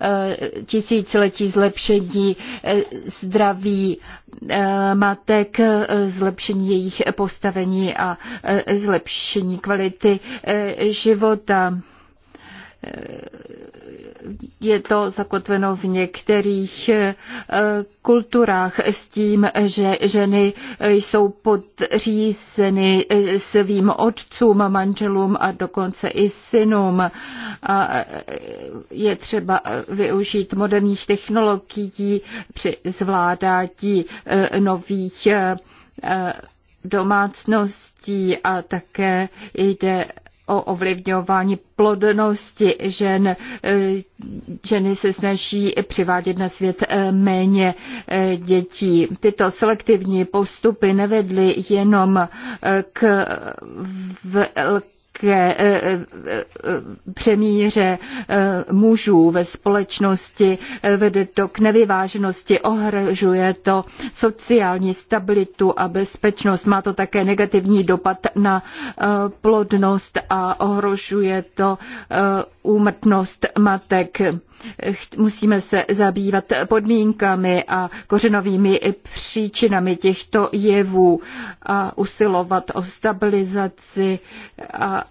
Eh, tisíciletí zlepšení eh, zdraví eh, matek, zlepšení jejich postavení a zlepšení kvality života. Eh, je to zakotveno v některých eh, kulturách s tím, že ženy eh, jsou podřízeny svým otcům, manželům a dokonce i synům. A je třeba využít moderních technologií při zvládání nových domácností a také jde o ovlivňování plodnosti žen. Ženy se snaží přivádět na svět méně dětí. Tyto selektivní postupy nevedly jenom k nějaké eh, eh, eh, přemíře mužů ve společnosti, vede to k nevyváženosti, ohrožuje to sociální stabilitu a bezpečnost. Má to také negativní dopad na plodnost a ohrožuje to úmrtnost matek. Musíme se zabývat podmínkami a kořenovými příčinami těchto jevů a usilovat o stabilizaci a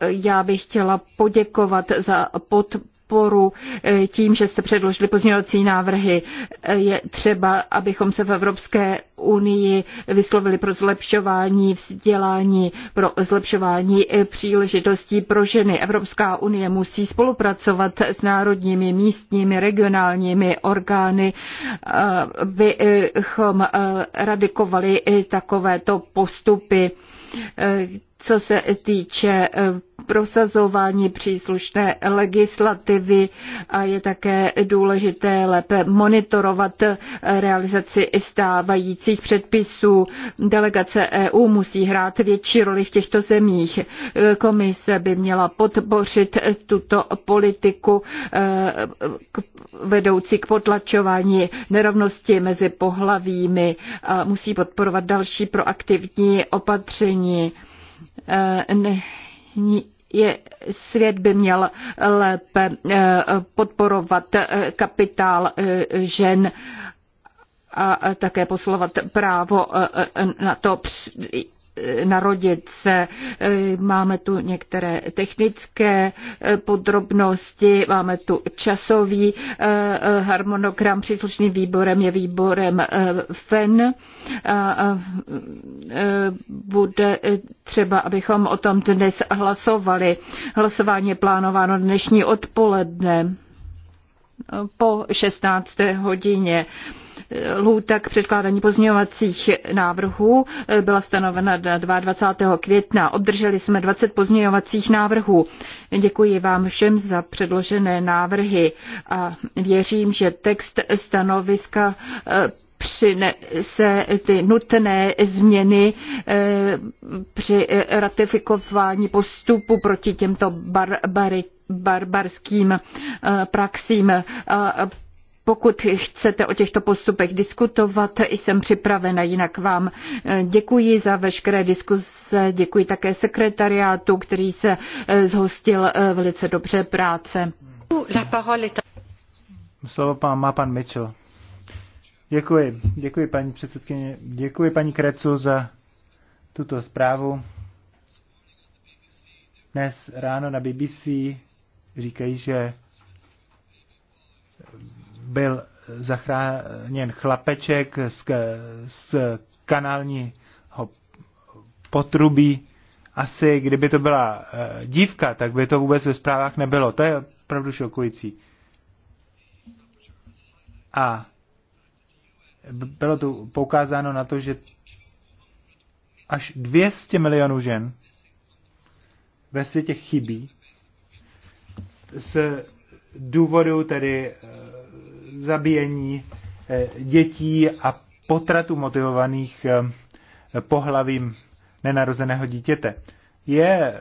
já bych chtěla poděkovat za podporu eh, tím, že jste předložili pozměňovací návrhy. Eh, je třeba, abychom se v Evropské unii vyslovili pro zlepšování vzdělání, pro zlepšování eh, příležitostí pro ženy. Evropská unie musí spolupracovat s národními, místními, regionálními orgány, abychom radikovali takovéto postupy co se týče eh, prosazování příslušné legislativy a je také důležité lépe monitorovat eh, realizaci stávajících předpisů. Delegace EU musí hrát větší roli v těchto zemích. Eh, komise by měla podpořit tuto politiku vedoucí k potlačování nerovnosti mezi pohlavími. Musí podporovat další proaktivní opatření. Eh, je, svět by měl lépe eh, podporovat eh, kapitál žen a také posilovat právo na to narodit se. Máme tu některé technické podrobnosti, máme tu časový eh, eh, harmonogram, příslušným výborem je výborem eh, FEN. Bude třeba, abychom o tom dnes hlasovali. Hlasování je plánováno dnešní odpoledne po 16. hodině. Lhůta k předkládání pozměňovacích návrhů eh, byla stanovena na 22. května. Obdrželi jsme 20 pozměňovacích návrhů. Děkuji vám všem za předložené návrhy a věřím, že text stanoviska eh, přinese ty nutné změny eh, při ratifikování postupu proti těmto barbaritům barbarským praxím. Pokud chcete o těchto postupech diskutovat, jsem připravena. Jinak vám eh, děkuji za veškeré diskuse, děkuji také sekretariátu, který se eh, zhostil eh, velice dobře práce. Slovo pán, má pan Mitchell. Děkuji, děkuji paní předsedkyně, děkuji paní Krecu za tuto zprávu. Dnes ráno na BBC říkají, že byl zachráněn chlapeček z, z kanálního potrubí. Asi kdyby to byla eh, dívka, tak by to vůbec ve zprávách nebylo. To je opravdu šokující. A bylo tu poukázáno na to, že až 200 milionů žen ve světě chybí z důvodu tedy eh, zabíjení eh, dětí a potratu motivovaných eh, pohlavím nenarozeného dítěte. Je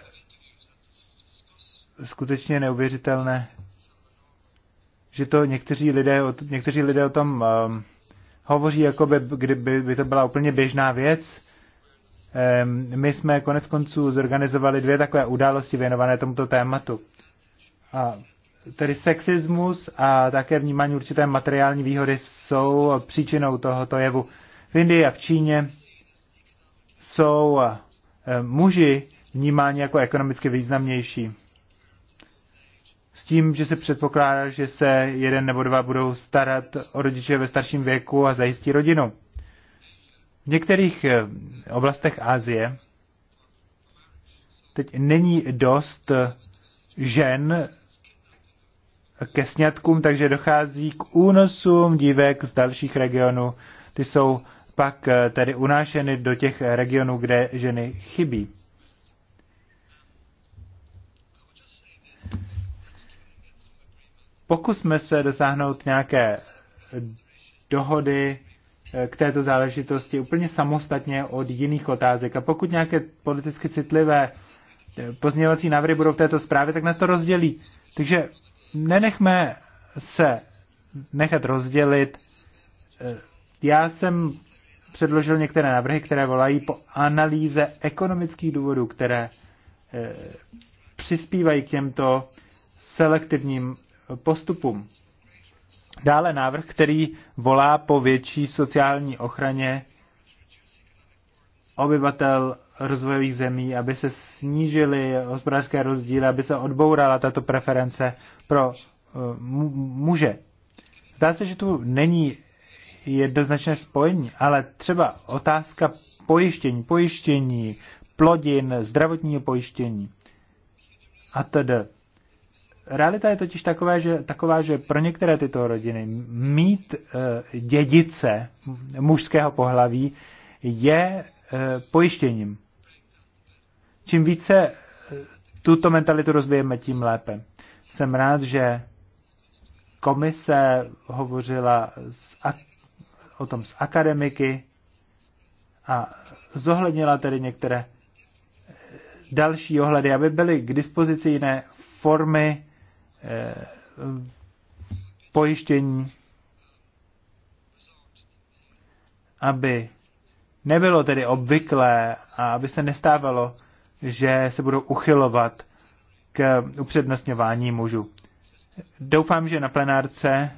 skutečně neuvěřitelné, že to někteří lidé, někteří lidé o tom um, hovoří, jako by, kdyby by to byla úplně běžná věc. Um, my jsme konec konců zorganizovali dvě takové události věnované tomuto tématu. A tedy sexismus a také vnímání určité materiální výhody jsou příčinou tohoto jevu. V Indii a v Číně jsou eh, muži vnímáni jako ekonomicky významnější. S tím, že se předpokládá, že se jeden nebo dva budou starat o rodiče ve starším věku a zajistí rodinu. V některých eh, oblastech Asie teď není dost žen ke sňatkům, takže dochází k únosům dívek z dalších regionů. Ty jsou pak eh, tedy unášeny do těch regionů, kde ženy chybí. Pokusme se dosáhnout nějaké dohody eh, k této záležitosti úplně samostatně od jiných otázek. A pokud nějaké politicky citlivé eh, pozměňovací návrhy budou v této zprávě, tak nás to rozdělí. Takže nenechme se nechat rozdělit. Eh, já jsem předložil některé návrhy, které volají po analýze ekonomických důvodů, které eh, přispívají k těmto selektivním postupům. Dále návrh, který volá po větší sociální ochraně obyvatel rozvojových zemí, aby se snížily hospodářské rozdíly, aby se odbourala tato preference pro eh, muže. Zdá se, že tu není jednoznačné spojení, ale třeba otázka pojištění, pojištění, plodin, zdravotního pojištění a tedy. Realita je totiž taková, že, taková, že pro některé tyto rodiny mít e, dědice mužského pohlaví je e, pojištěním. Čím více eh, tuto mentalitu rozvíjeme, tím lépe. Jsem rád, že komise hovořila s, o tom s akademiky a zohlednila tedy některé eh, další ohledy, aby byly k dispozici jiné formy eh, pojištění, aby nebylo tedy obvyklé a aby se nestávalo, že se budou uchylovat k upřednostňování mužů. Doufám, že na plenárce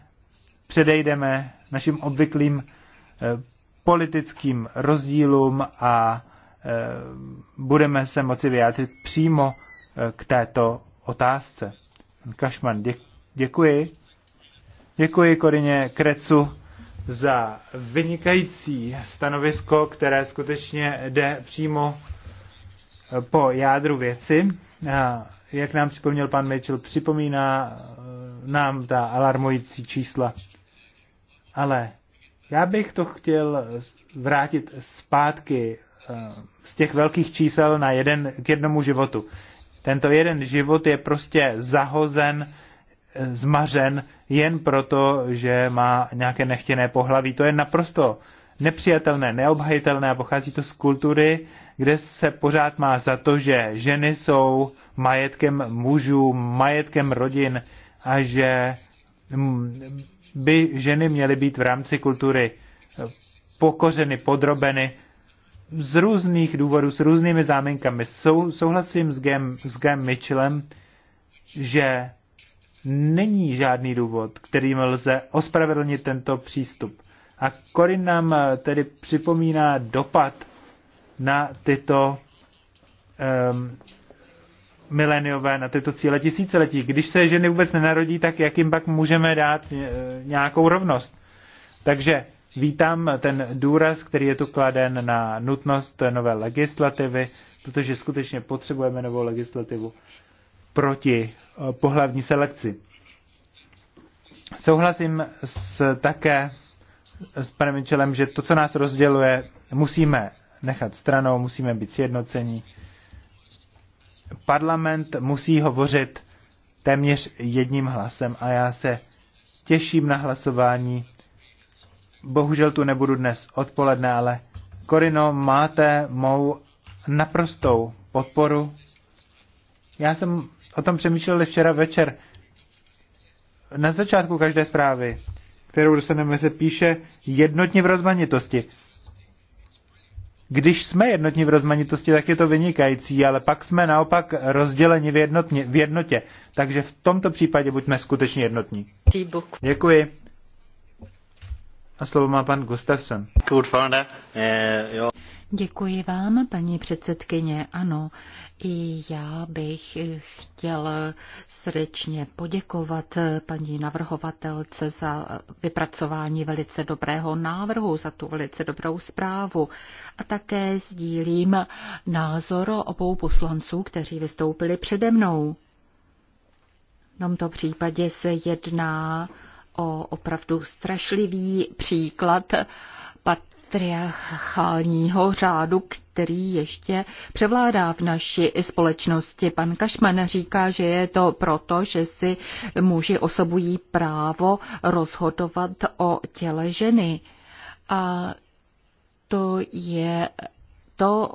předejdeme našim obvyklým eh, politickým rozdílům a eh, budeme se moci vyjádřit přímo eh, k této otázce. Kašman, děkuji. Děkuji Korině Krecu za vynikající stanovisko, které skutečně jde přímo po jádru věci. Jak nám připomněl pan Mitchell, připomíná eh, nám ta alarmující čísla. Ale já bych to chtěl vrátit zpátky eh, z těch velkých čísel na jeden, k jednomu životu. Tento jeden život je prostě zahozen, eh, zmařen jen proto, že má nějaké nechtěné pohlaví. To je naprosto nepřijatelné, neobhajitelné a pochází to z kultury, kde se pořád má za to, že ženy jsou majetkem mužů, majetkem rodin a že mm, by ženy měly být v rámci kultury eh, pokořeny, podrobeny z různých důvodů, s různými záminkami. Sou, souhlasím s Gem, s Gem Mitchellem, že není žádný důvod, kterým lze ospravedlnit tento přístup. A Korin nám eh, tedy připomíná dopad na tyto um, mileniové, na tyto cíle tisíciletí. Když se ženy vůbec nenarodí, tak jak jim pak můžeme dát eh, nějakou rovnost? Takže vítám ten důraz, který je tu kladen na nutnost nové legislativy, protože skutečně potřebujeme novou legislativu proti eh, pohlavní selekci. Souhlasím s také s panem Mičelem, že to, co nás rozděluje, musíme nechat stranou, musíme být sjednocení. Parlament musí hovořit téměř jedním hlasem a já se těším na hlasování. Bohužel tu nebudu dnes odpoledne, ale Korino, máte mou naprostou podporu. Já jsem o tom přemýšlel včera večer. Na začátku každé zprávy, kterou dostaneme, se píše jednotně v rozmanitosti. Když jsme jednotní v rozmanitosti, tak je to vynikající, ale pak jsme naopak rozděleni v, jednotně, v jednotě. Takže v tomto případě buďme skutečně jednotní. Děkuji. A slovo má pan Gustafsson. Děkuji vám, paní předsedkyně. Ano, i já bych chtěl srdečně poděkovat paní navrhovatelce za vypracování velice dobrého návrhu, za tu velice dobrou zprávu. A také sdílím názor obou poslanců, kteří vystoupili přede mnou. V tomto případě se jedná o opravdu strašlivý příklad pat patriarchálního řádu, který ještě převládá v naší společnosti. Pan Kašman říká, že je to proto, že si muži osobují právo rozhodovat o těle ženy. A to je to,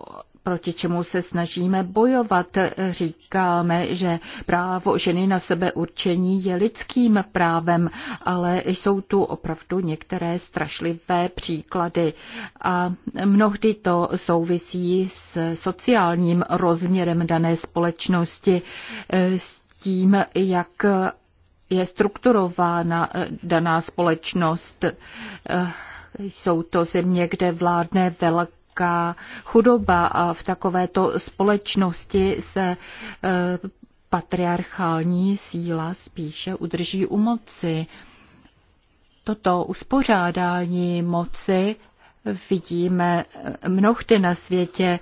proti čemu se snažíme bojovat. Říkáme, že právo ženy na sebe určení je lidským právem, ale jsou tu opravdu některé strašlivé příklady a mnohdy to souvisí s sociálním rozměrem dané společnosti, s tím, jak je strukturována daná společnost. Jsou to země, kde vládne velká velká chudoba a v takovéto společnosti se e, patriarchální síla spíše udrží u moci. Toto uspořádání moci vidíme mnohdy na světě.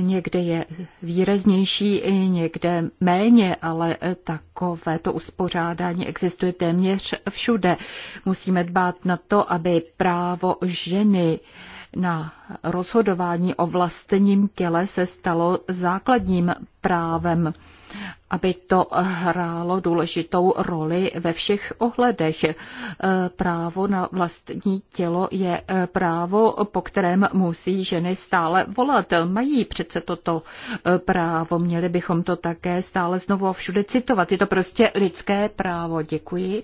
Někde je výraznější, někde méně, ale takové to uspořádání existuje téměř všude. Musíme dbát na to, aby právo ženy na rozhodování o vlastním těle se stalo základním právem, aby to hrálo důležitou roli ve všech ohledech. E, právo na vlastní tělo je e, právo, po kterém musí ženy stále volat. Mají přece toto e, právo, měli bychom to také stále znovu všude citovat. Je to prostě lidské právo. Děkuji.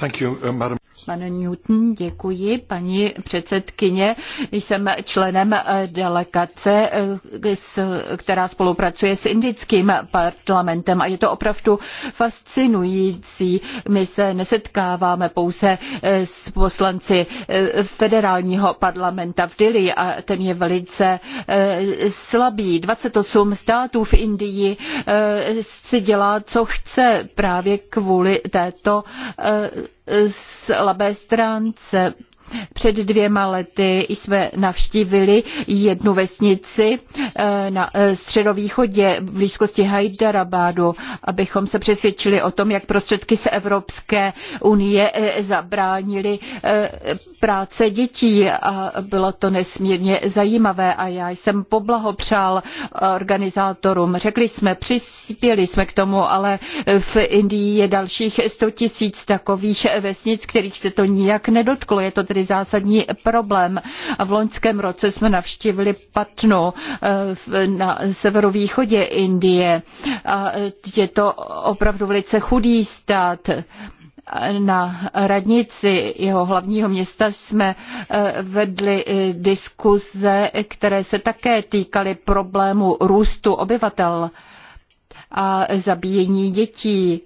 Thank you, uh, madam. Pane Newton, děkuji. Paní předsedkyně, jsem členem eh, delegace, eh, která spolupracuje s indickým parlamentem a je to opravdu fascinující. My se nesetkáváme pouze eh, s poslanci federálního parlamenta v Dili a ten je velice slabý. 28 států v Indii si dělá, co chce právě kvůli této labé stránce před dvěma lety jsme navštívili jednu vesnici eh, na eh, středovýchodě v blízkosti Hyderabadu, abychom se přesvědčili o tom, jak prostředky z Evropské unie eh, zabránili práce dětí a bylo to nesmírně zajímavé a já jsem poblahopřál organizátorům. Řekli jsme, přispěli jsme k tomu, ale v Indii je dalších 100 tisíc takových vesnic, kterých se to nijak nedotklo. Je to tedy zásadní problém. A v loňském roce jsme navštívili Patnu eh, na severovýchodě Indie. A je to opravdu velice chudý stát na radnici jeho hlavního města jsme eh, vedli eh, diskuze, které se také týkaly problému růstu obyvatel a zabíjení dětí.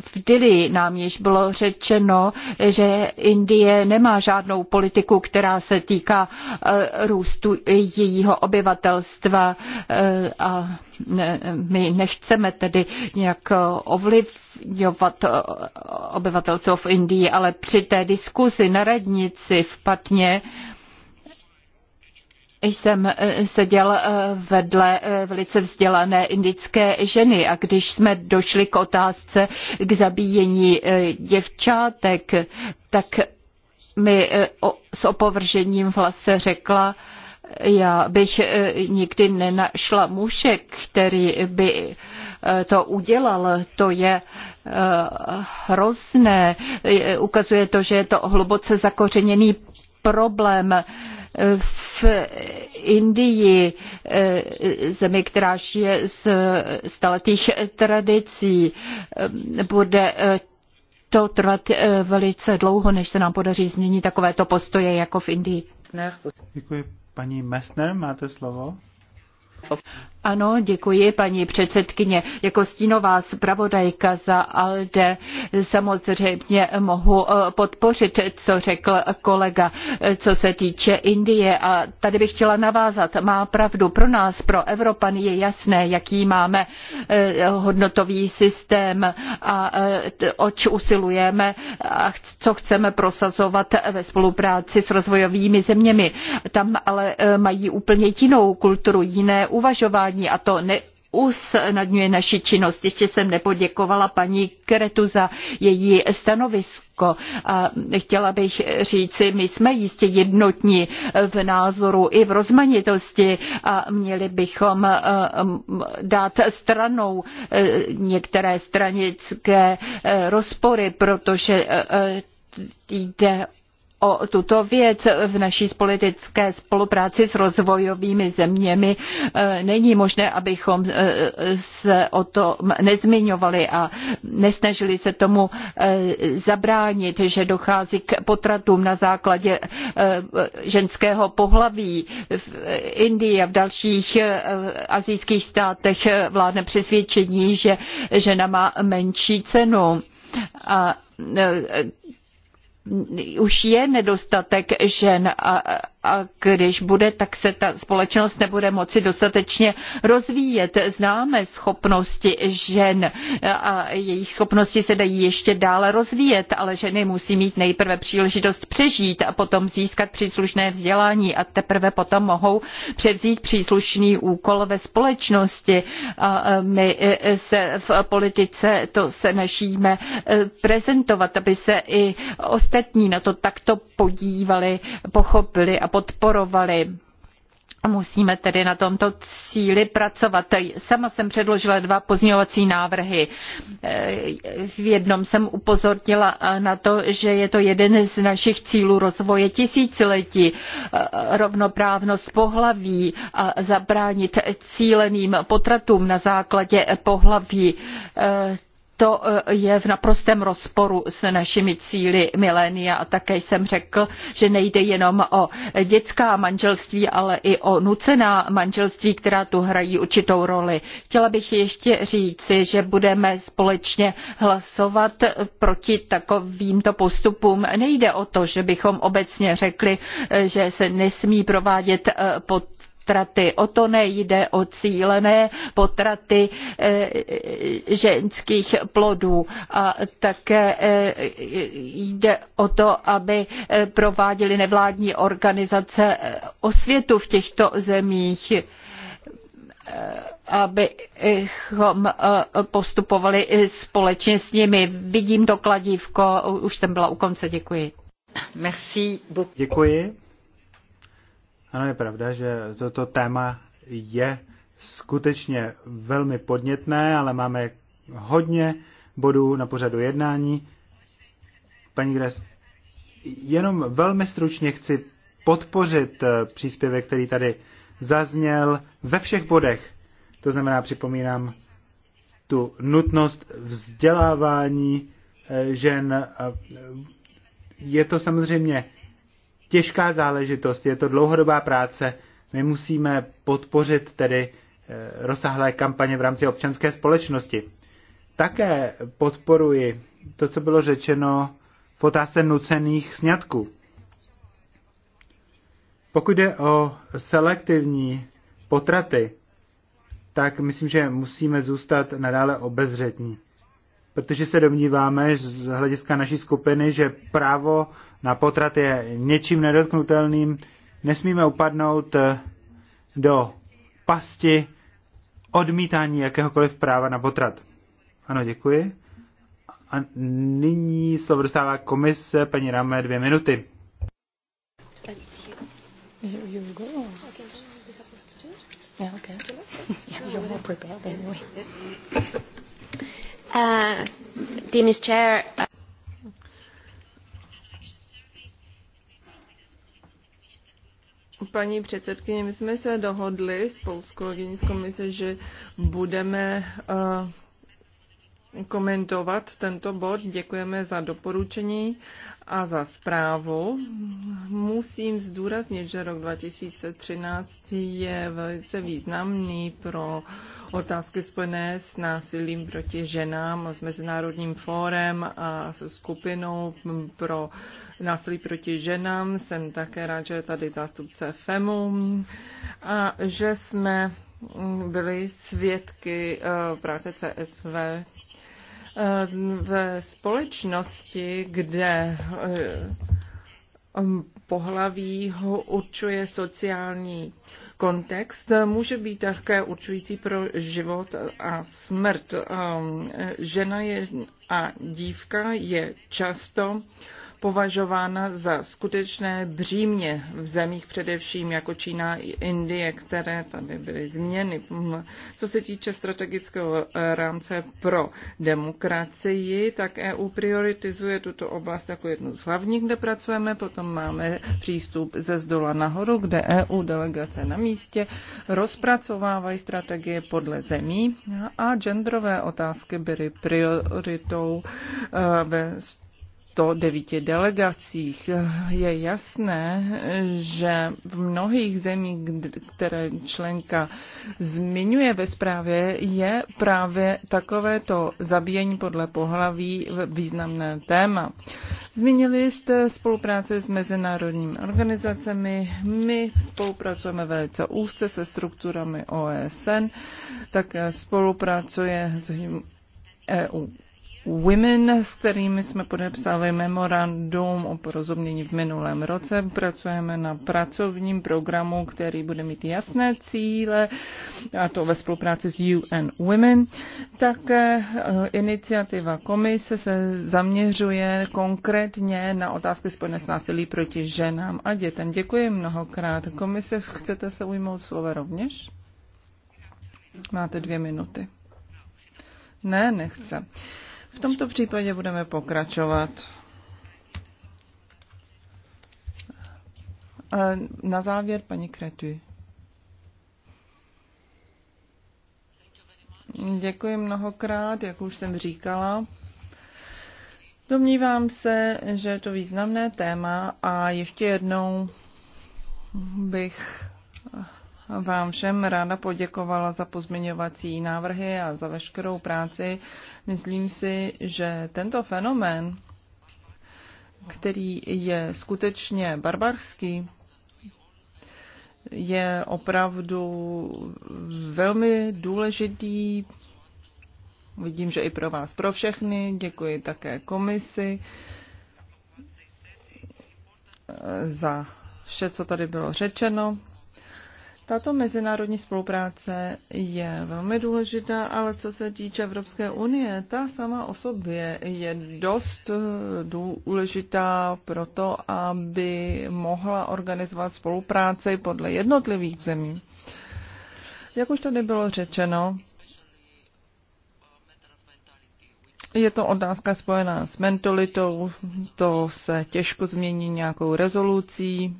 V Dili nám již bylo řečeno, že Indie nemá žádnou politiku, která se týká e, růstu jejího obyvatelstva e, a my nechceme tedy nějak ovlivňovat e, obyvatelstvo v Indii, ale při té diskuzi na radnici v Patně jsem eh, seděl eh, vedle eh, velice vzdělané indické ženy a když jsme došli k otázce k zabíjení děvčátek, tak mi s opovržením v hlase řekla, já bych nikdy nenašla muže, který by to udělal. To je hrozné. Ukazuje to, že je to hluboce zakořeněný problém v Indii, eh, zemi, která žije z staletých tradicí, eh, bude eh, to trvat velice dlouho, než se nám podaří změnit takovéto postoje jako v Indii. Děkuji. Paní Messner, máte slovo. Ano, děkuji paní předsedkyně. Jako stínová zpravodajka za ALDE samozřejmě mohu eh, podpořit, co řekl kolega, eh, co se týče Indie. A tady bych chtěla navázat. Má pravdu pro nás, pro Evropan je jasné, jaký máme eh, hodnotový systém a oč usilujeme a co chceme prosazovat ve spolupráci s rozvojovými zeměmi. Tam ale mají úplně jinou kulturu, jiné uvažování poděkování a to ne, usnadňuje naši činnost. Ještě jsem nepoděkovala paní Kretu za její stanovisko. A chtěla bych říci, my jsme jistě jednotní v názoru i v rozmanitosti a měli bychom eh, dát stranou eh, některé stranické eh, rozpory, protože jde o tuto věc v naší politické spolupráci s rozvojovými zeměmi. E, Není možné, abychom e, se o tom nezmiňovali a nesnažili se tomu e, zabránit, že dochází k potratům na základě ženského pohlaví. V Indii a v dalších asijských státech vládne přesvědčení, že žena má menší cenu. A už je nedostatek žen a a když bude, tak se ta společnost nebude moci dostatečně rozvíjet. Známe schopnosti žen a jejich schopnosti se dají ještě dále rozvíjet, ale ženy musí mít nejprve příležitost přežít a potom získat příslušné vzdělání a teprve potom mohou převzít příslušný úkol ve společnosti. A my e, e, se v politice to se snažíme e, prezentovat, aby se i ostatní na to takto podívali, pochopili a podporovali. Musíme tedy na tomto cíli pracovat. Sama jsem předložila dva pozměňovací návrhy. V jednom jsem upozornila na to, že je to jeden z našich cílů rozvoje tisíciletí, rovnoprávnost pohlaví a zabránit cíleným potratům na základě pohlaví to eh, je v naprostém rozporu s našimi cíly milénia a také jsem řekl, že nejde jenom o dětská manželství, ale i o nucená manželství, která tu hrají určitou roli. Chtěla bych ještě říci, že budeme společně hlasovat proti takovýmto postupům. Nejde o to, že bychom obecně řekli, eh, že se nesmí provádět eh, pod potraty. O to nejde o cílené potraty eh, ženských plodů. A také eh, jde o to, aby eh, prováděly nevládní organizace osvětu v těchto zemích abychom postupovali společně s nimi. Vidím to kladívko, už jsem byla u konce, děkuji. Merci beaucoup. Děkuji. Ano, je pravda, že toto téma je skutečně velmi podnětné, ale máme hodně bodů na pořadu jednání. Paní Gres, jenom velmi stručně chci podpořit eh, příspěvek, který tady zazněl ve všech bodech. To znamená, připomínám tu nutnost vzdělávání eh, žen. Eh, je to samozřejmě těžká záležitost, je to dlouhodobá práce. My musíme podpořit tedy eh, rozsáhlé kampaně v rámci občanské společnosti. Také podporuji to, co bylo řečeno v otázce nucených sňatků. Pokud jde o selektivní potraty, tak myslím, že musíme zůstat nadále obezřetní protože se domníváme z hlediska naší skupiny, že právo na potrat je něčím nedotknutelným. Nesmíme upadnout eh, do pasti odmítání jakéhokoliv práva na potrat. Ano, děkuji. A nyní slovo dostává komise, paní Ramé, dvě minuty. Yeah, okay. Yeah, you're more prepared anyway. Uh, uh, Paní předsedkyně, my jsme se dohodli spolu s kolegyní z komise, že budeme uh, komentovat tento bod. Děkujeme za doporučení a za zprávu. Musím zdůraznit, že rok 2013 je velice významný pro otázky spojené s násilím proti ženám, s Mezinárodním fórem a se skupinou pro násilí proti ženám. Jsem také rád, že je tady zástupce FEMu a že jsme byli svědky eh, práce CSV Ehm, ve společnosti, kde ehm, ehm, pohlaví ho určuje sociální kontext, může být také určující pro život a smrt. Žena je a dívka je často považována za skutečné břímě v zemích především jako Čína i Indie, které tady byly změny. Co se týče strategického rámce pro demokracii, tak EU prioritizuje tuto oblast jako jednu z hlavních, kde pracujeme. Potom máme přístup ze zdola nahoru, kde EU delegace na místě rozpracovávají strategie podle zemí a genderové otázky byly prioritou eh, ve 109 delegacích je jasné, že v mnohých zemích, které členka zmiňuje ve zprávě, je právě takovéto zabíjení podle pohlaví významné téma. Zmínili jste spolupráci s mezinárodními organizacemi. My spolupracujeme velice úzce se strukturami OSN, tak spolupracuje s EU Women, s kterými jsme podepsali memorandum o porozumění v minulém roce. Pracujeme na pracovním programu, který bude mít jasné cíle, a to ve spolupráci s UN Women. Také eh, iniciativa komise se zaměřuje konkrétně na otázky spojené s násilí proti ženám a dětem. Děkuji mnohokrát. Komise, chcete se ujmout slova rovněž? Máte dvě minuty. Ne, nechce. V tomto případě budeme pokračovat. Na závěr paní Kretu. Děkuji mnohokrát, jak už jsem říkala. Domnívám se, že je to významné téma a ještě jednou bych vám všem ráda poděkovala za pozměňovací návrhy a za veškerou práci. Myslím si, že tento fenomén, který je skutečně barbarský, je opravdu velmi důležitý. Vidím, že i pro vás, pro všechny. Děkuji také komisi za vše, co tady bylo řečeno. Tato mezinárodní spolupráce je velmi důležitá, ale co se týče Evropské unie, ta sama o sobě je dost eh, důležitá pro to, aby mohla organizovat spolupráci podle jednotlivých zemí. Jak už tady bylo řečeno, je to otázka spojená s mentalitou, to se těžko změní nějakou rezolucí,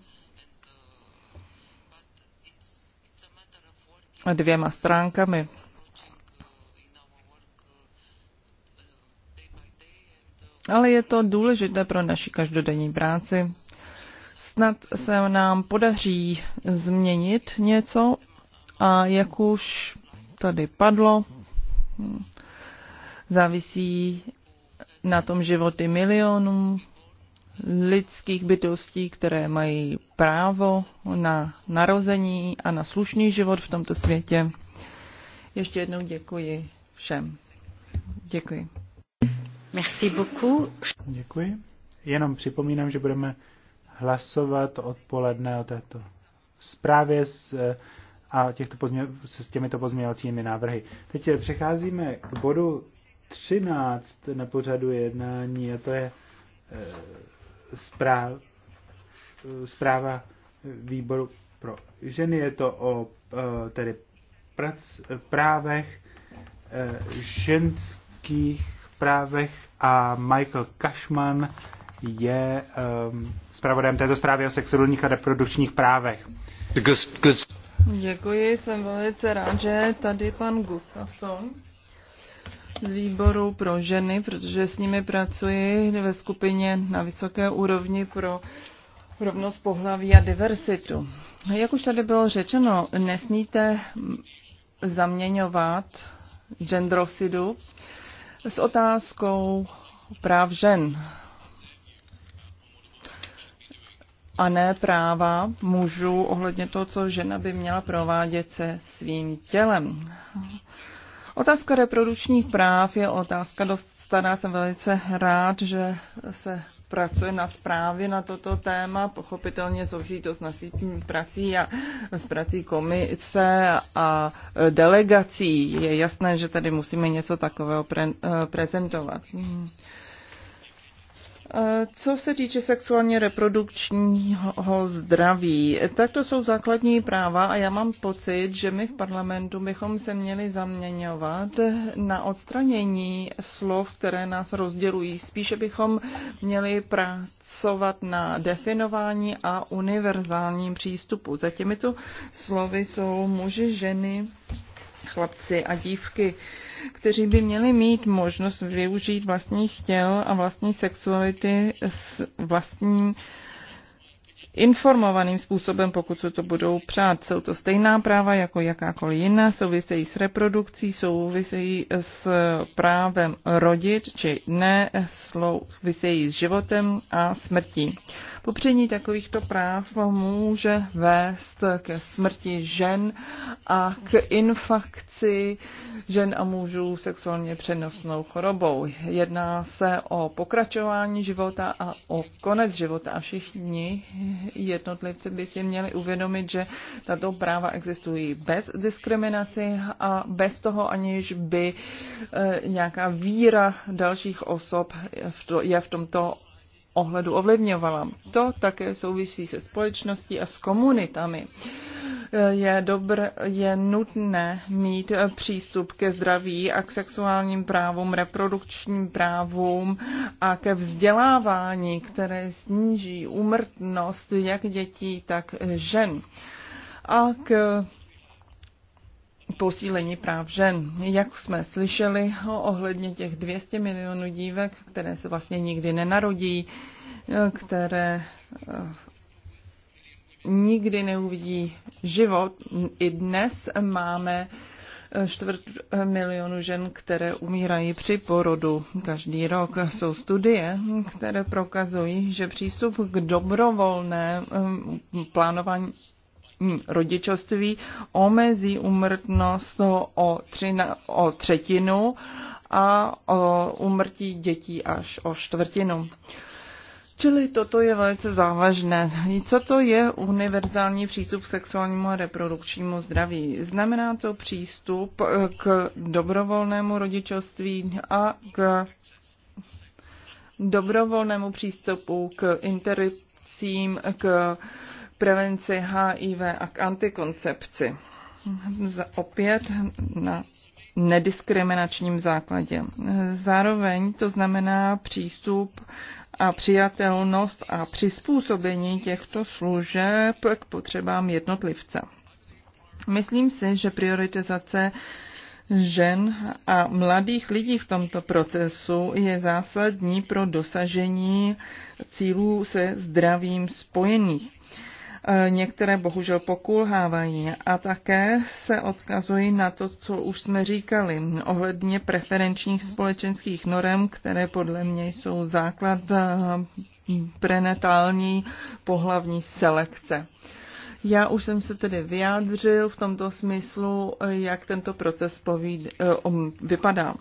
dvěma stránkami. Ale je to důležité pro naši každodenní práci. Snad se nám podaří změnit něco a jak už tady padlo, hm, závisí na tom životy milionům lidských bytostí, které mají právo na narození a na slušný život v tomto světě. Ještě jednou děkuji všem. Děkuji. Merci beaucoup. Děkuji. Jenom připomínám, že budeme hlasovat odpoledne o této zprávě s, eh, a těchto pozměl, s těmito pozměňovacími návrhy. Teď přecházíme k bodu 13 na pořadu jednání a to je eh, zpráv, zpráva výboru pro ženy. Je to o e, tedy prac, právech e, ženských právech a Michael Cashman je um, zpravodajem této zprávy o sexuálních a reprodukčních právech. Děkuji, jsem velice rád, že tady pan Gustafsson z výboru pro ženy, protože s nimi pracuji ve skupině na vysoké úrovni pro rovnost pohlaví a diversitu. Jak už tady bylo řečeno, nesmíte zaměňovat genderosidu s otázkou práv žen a ne práva mužů ohledně toho, co žena by měla provádět se svým tělem. Otázka reprodukčních práv je otázka dost stará. Jsem velice rád, že se pracuje na zprávě na toto téma, pochopitelně souvisí to s naší prací a s prací komice a delegací. Je jasné, že tady musíme něco takového pre, eh, prezentovat. Hmm. Co se týče sexuálně reprodukčního zdraví, tak to jsou základní práva a já mám pocit, že my v parlamentu bychom se měli zaměňovat na odstranění slov, které nás rozdělují. Spíše bychom měli pracovat na definování a univerzálním přístupu. Za těmito slovy jsou muži, ženy, chlapci a dívky. Uh, kteří by měli mít možnost využít vlastních těl a vlastní sexuality s vlastním informovaným způsobem, pokud se to budou přát. Jsou to stejná práva jako jakákoliv jiná, souvisejí s reprodukcí, souvisejí s právem rodit či ne, souvisejí s životem a smrtí. Popření takovýchto práv může vést ke smrti žen a k infakci žen a mužů sexuálně přenosnou chorobou. Jedná se o pokračování života a o konec života a všichni jednotlivci by si měli uvědomit, že tato práva existují bez diskriminace a bez toho, aniž by eh, nějaká víra dalších osob je v tomto ohledu ovlivňovala. To také souvisí se společností a s komunitami. Je, dobr, je nutné mít přístup ke zdraví a k sexuálním právům, reprodukčním právům a ke vzdělávání, které sníží úmrtnost jak dětí, tak žen a k posílení práv žen. Jak jsme slyšeli ohledně těch 200 milionů dívek, které se vlastně nikdy nenarodí, které eh, nikdy neuvidí život. I dnes máme eh, čtvrt milionu žen, které umírají při porodu. Každý rok jsou studie, které prokazují, že přístup k dobrovolné eh, plánování rodičovství omezí umrtnost o, třina, o třetinu a o umrtí dětí až o čtvrtinu. Čili toto je velice závažné. Co to je univerzální přístup k sexuálnímu a reprodukčnímu zdraví? Znamená to přístup eh, k dobrovolnému rodičovství a k dobrovolnému přístupu k interrupcím, k prevenci HIV a k antikoncepci. Opět na nediskriminačním základě. Zároveň to znamená přístup a přijatelnost a přizpůsobení těchto služeb k potřebám jednotlivce. Myslím si, že prioritizace žen a mladých lidí v tomto procesu je zásadní pro dosažení cílů se zdravím spojených. E, některé bohužel pokulhávají a také se odkazují na to, co už jsme říkali ohledně preferenčních společenských norem, které podle mě jsou základ e, prenatální pohlavní selekce. Já už jsem se tedy vyjádřil v tomto smyslu, jak tento proces povíd, eh, vypadá.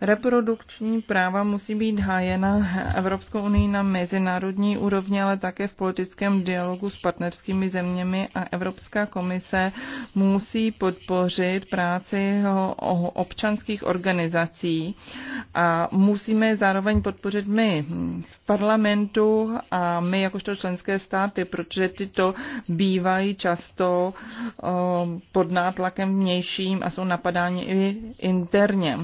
Reprodukční práva musí být hájena Evropskou unii na mezinárodní úrovni, ale také v politickém dialogu s partnerskými zeměmi a Evropská komise musí podpořit práci občanských organizací a musíme zároveň podpořit my v parlamentu a my jakožto členské státy, protože tyto bývají podléhají často pod nátlakem vnějším a jsou napadáni i interně.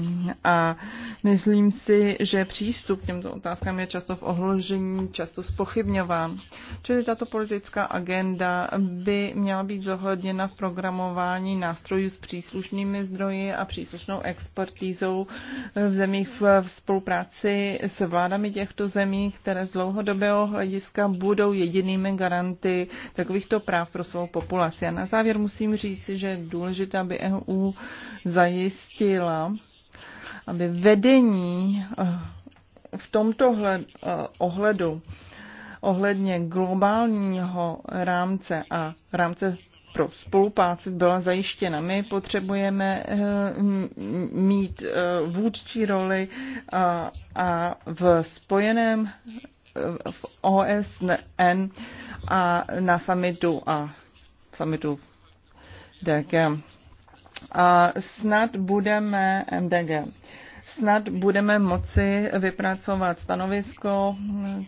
A myslím si, že přístup k těmto otázkám je často v ohložení, často spochybňován. Čili tato politická agenda by měla být zohledněna v programování nástrojů s příslušnými zdroji a příslušnou expertízou v zemích v spolupráci s vládami těchto zemí, které z dlouhodobého hlediska budou jedinými garanty takovýchto práv pro svou populaci. A na závěr musím říci, že je důležité, aby EU zajistila, aby vedení eh, v tomto eh, ohledu ohledně globálního rámce a rámce pro spolupráci byla zajištěna. My potřebujeme eh, mít vůdčí roli a, v spojeném v OSN a na samitu a summitu DG. A snad budeme MDG. Snad budeme moci vypracovat stanovisko,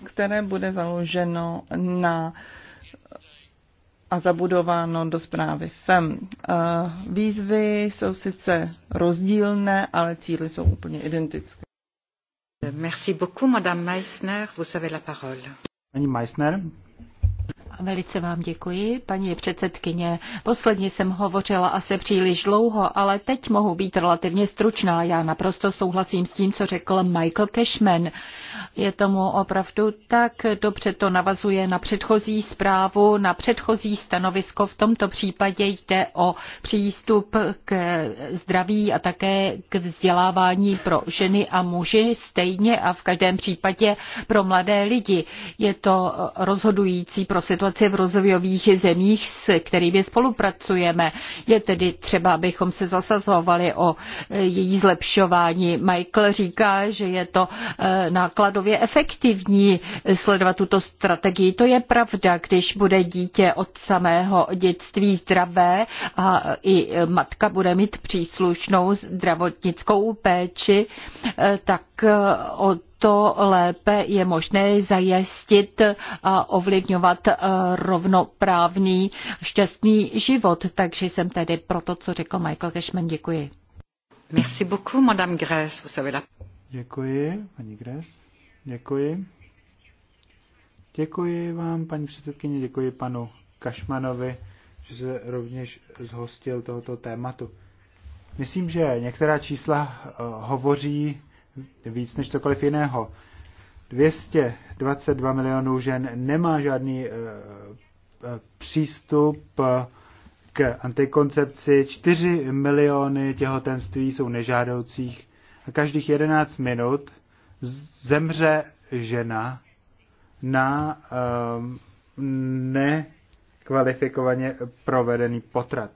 které bude založeno na a zabudováno do zprávy FEM. Výzvy jsou sice rozdílné, ale cíly jsou úplně identické. Merci beaucoup, Madame Meissner. Vous avez la parole. Paní Meissner, Velice vám děkuji, paní předsedkyně. Posledně jsem hovořila asi příliš dlouho, ale teď mohu být relativně stručná. Já naprosto souhlasím s tím, co řekl Michael Cashman je tomu opravdu tak. Dobře to navazuje na předchozí zprávu, na předchozí stanovisko. V tomto případě jde o přístup k zdraví a také k vzdělávání pro ženy a muži stejně a v každém případě pro mladé lidi. Je to rozhodující pro situaci v rozvojových zemích, s kterými spolupracujeme. Je tedy třeba, abychom se zasazovali o její zlepšování. Michael říká, že je to eh, nákladové celkově efektivní sledovat tuto strategii. To je pravda, když bude dítě od samého dětství zdravé a i matka bude mít příslušnou zdravotnickou péči, tak o to lépe je možné zajistit a ovlivňovat rovnoprávný šťastný život. Takže jsem tedy pro to, co řekl Michael Cashman. Děkuji. Merci beaucoup, Madame Gress. Vous savez la... Děkuji, paní Gress. Děkuji. Děkuji vám, paní předsedkyně, děkuji panu Kašmanovi, že se rovněž zhostil tohoto tématu. Myslím, že některá čísla eh, hovoří víc než cokoliv jiného. 222 milionů žen nemá žádný eh, eh, přístup k antikoncepci, 4 miliony těhotenství jsou nežádoucích a každých 11 minut zemře žena na uh, nekvalifikovaně provedený potrat.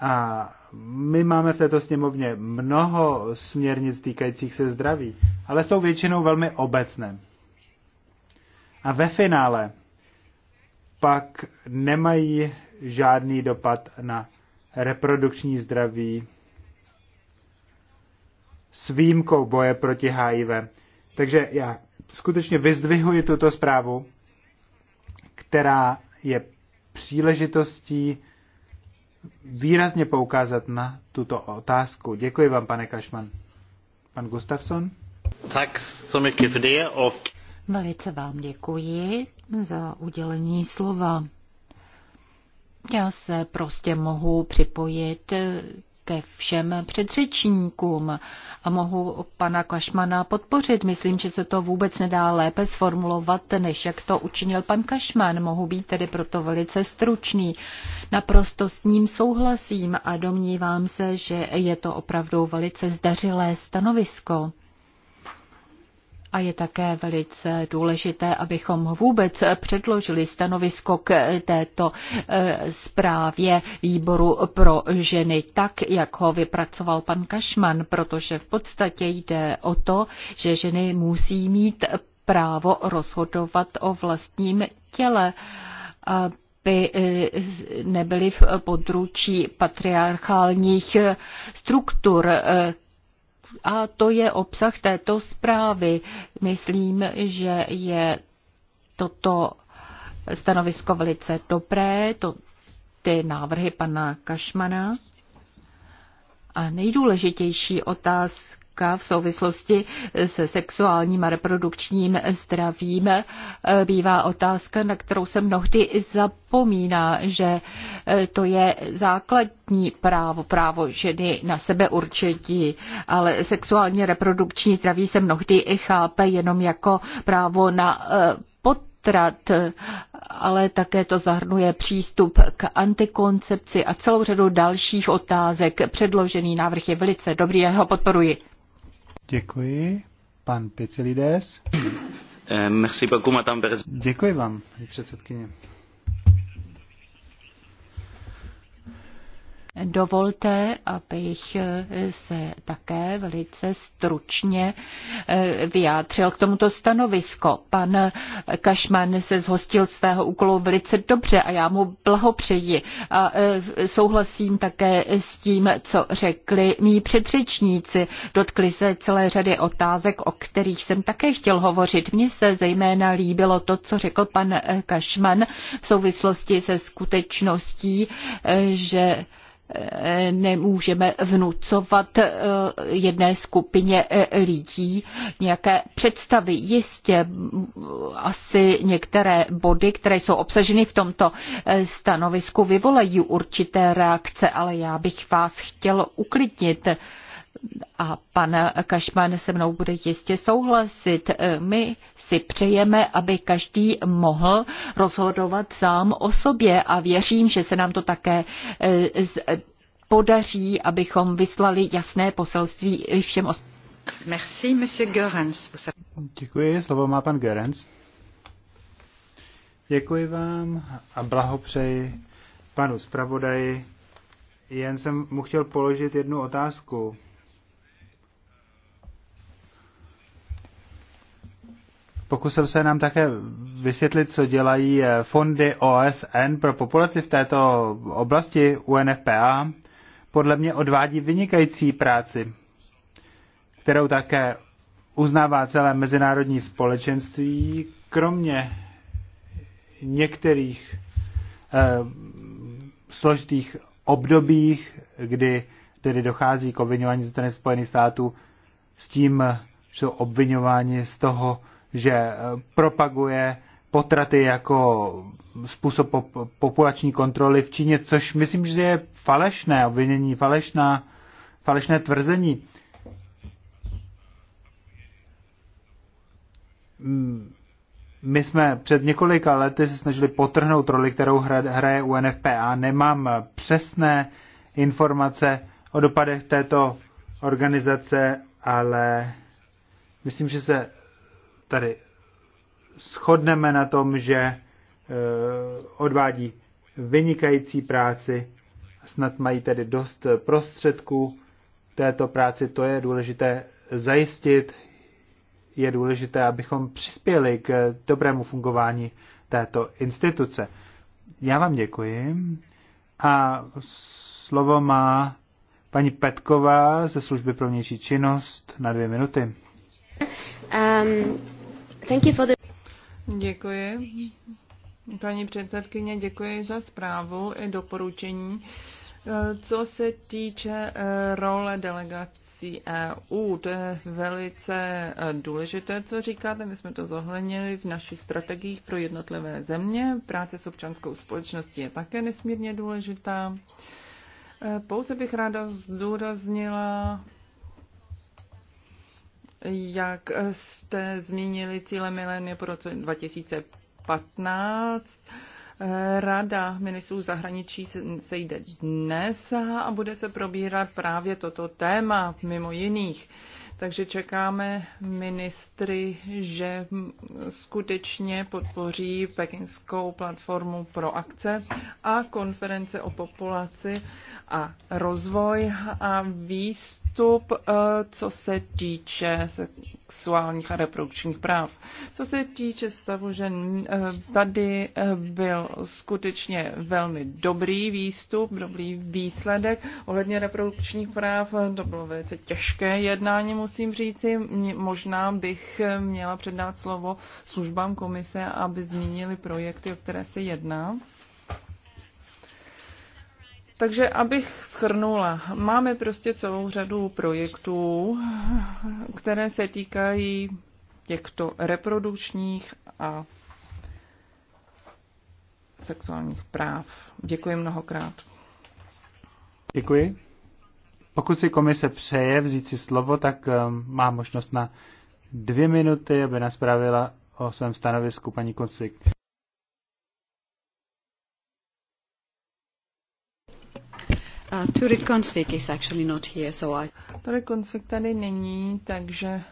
A my máme v této sněmovně mnoho směrnic týkajících se zdraví, ale jsou většinou velmi obecné. A ve finále pak nemají žádný dopad na reprodukční zdraví s výjimkou boje proti HIV. Takže já skutečně vyzdvihuji tuto zprávu, která je příležitostí výrazně poukázat na tuto otázku. Děkuji vám, pane Kašman. Pan Gustafsson? Tak, co mi för det Velice vám děkuji za udělení slova. Já se prostě mohu připojit ke všem předřečníkům a mohu pana Kašmana podpořit. Myslím, že se to vůbec nedá lépe sformulovat, než jak to učinil pan Kašman. Mohu být tedy proto velice stručný. Naprosto s ním souhlasím a domnívám se, že je to opravdu velice zdařilé stanovisko. A je také velice důležité, abychom vůbec předložili stanovisko k této eh, zprávě výboru pro ženy tak, jak ho vypracoval pan Kašman, protože v podstatě jde o to, že ženy musí mít právo rozhodovat o vlastním těle aby eh, nebyly v područí patriarchálních eh, struktur, a to je obsah této zprávy. Myslím, že je toto stanovisko velice dobré, to, ty návrhy pana Kašmana. A nejdůležitější otázka, rizika v souvislosti se sexuálním a reprodukčním zdravím, e, bývá otázka, na kterou se mnohdy zapomíná, že e, to je základní právo, právo ženy na sebe určití, ale sexuálně reprodukční zdraví se mnohdy chápe jenom jako právo na e, potrat, ale také to zahrnuje přístup k antikoncepci a celou řadu dalších otázek. Předložený návrh je velice dobrý, já ho podporuji. Děkuji. Pan Picilides. Eh, merci beaucoup, madame Děkuji vám, předsedkyně. Dovolte, abych se také velice stručně eh, vyjádřil k tomuto stanovisko. Pan Kašman se zhostil svého úkolu velice dobře a já mu blahopřeji. A eh, souhlasím také s tím, co řekli mý předřečníci. Dotkli se celé řady otázek, o kterých jsem také chtěl hovořit. Mně se zejména líbilo to, co řekl pan eh, Kašman v souvislosti se skutečností, že nemůžeme vnucovat eh, jedné skupině eh, lidí nějaké představy. Jistě asi některé body, které jsou obsaženy v tomto eh, stanovisku, vyvolají určité reakce, ale já bych vás chtěl uklidnit a pan Kašman se mnou bude jistě souhlasit. My si přejeme, aby každý mohl rozhodovat sám o sobě a věřím, že se nám to také eh, podaří, abychom vyslali jasné poselství všem ostatním. Merci, monsieur Görens. Děkuji, slovo má pan Görens. Děkuji vám a blahopřeji panu zpravodaji. Jen jsem mu chtěl položit jednu otázku Pokusil se nám také vysvětlit, co dělají eh, fondy OSN pro populaci v této oblasti UNFPA. Podle mě odvádí vynikající práci, kterou také uznává celé mezinárodní společenství, kromě některých eh, složitých obdobích, kdy tedy dochází k obvinování ze strany Spojených států s tím, že jsou obvinováni z toho, eh, že eh, propaguje potraty jako způsob populační kontroly v Číně, což myslím, že je falešné obvinění, falešná, falešné tvrzení. Mm, my jsme před několika lety se snažili potrhnout roli, kterou hraje UNFPA. Nemám eh, přesné informace o dopadech této organizace, ale myslím, že se tady shodneme na tom, že e, odvádí vynikající práci, snad mají tedy dost prostředků této práci, to je důležité zajistit, je důležité, abychom přispěli k dobrému fungování této instituce. Já vám děkuji a slovo má paní Petková ze služby pro vnější činnost na dvě minuty. Um, Thank you for the... Děkuji. Paní předsedkyně, děkuji za zprávu i doporučení. Eh, co se týče eh, role delegací EU, to je velice eh, důležité, co říkáte. My jsme to zohlednili v našich strategiích pro jednotlivé země. Práce s občanskou společností je také nesmírně důležitá. Pouze bych ráda zdůraznila jak jste zmínili cíle milénie pro 2015, Rada ministrů zahraničí sejde dnes a bude se probírat právě toto téma, mimo jiných. Takže čekáme ministry, že skutečně podpoří pekingskou platformu pro akce a konference o populaci a rozvoj a výstup, eh, co se týče sexuálních a reprodukčních práv. Co se týče stavu že eh, tady eh, byl skutečně velmi dobrý výstup, dobrý výsledek. Ohledně reprodukčních práv to bylo velice těžké jednání, musím říci, možná bych měla předat slovo službám komise, aby zmínili projekty, o které se jedná. Takže abych schrnula, máme prostě celou řadu projektů, které se týkají těchto reprodukčních a sexuálních práv. Děkuji mnohokrát. Děkuji. Pokud si komise přeje vzít si slovo, tak eh, má možnost na dvě minuty, aby nás pravila o svém stanovisku paní Kocvik. Uh, Turit Konsvik is actually not here, so I... Turit Konsvik tady není, takže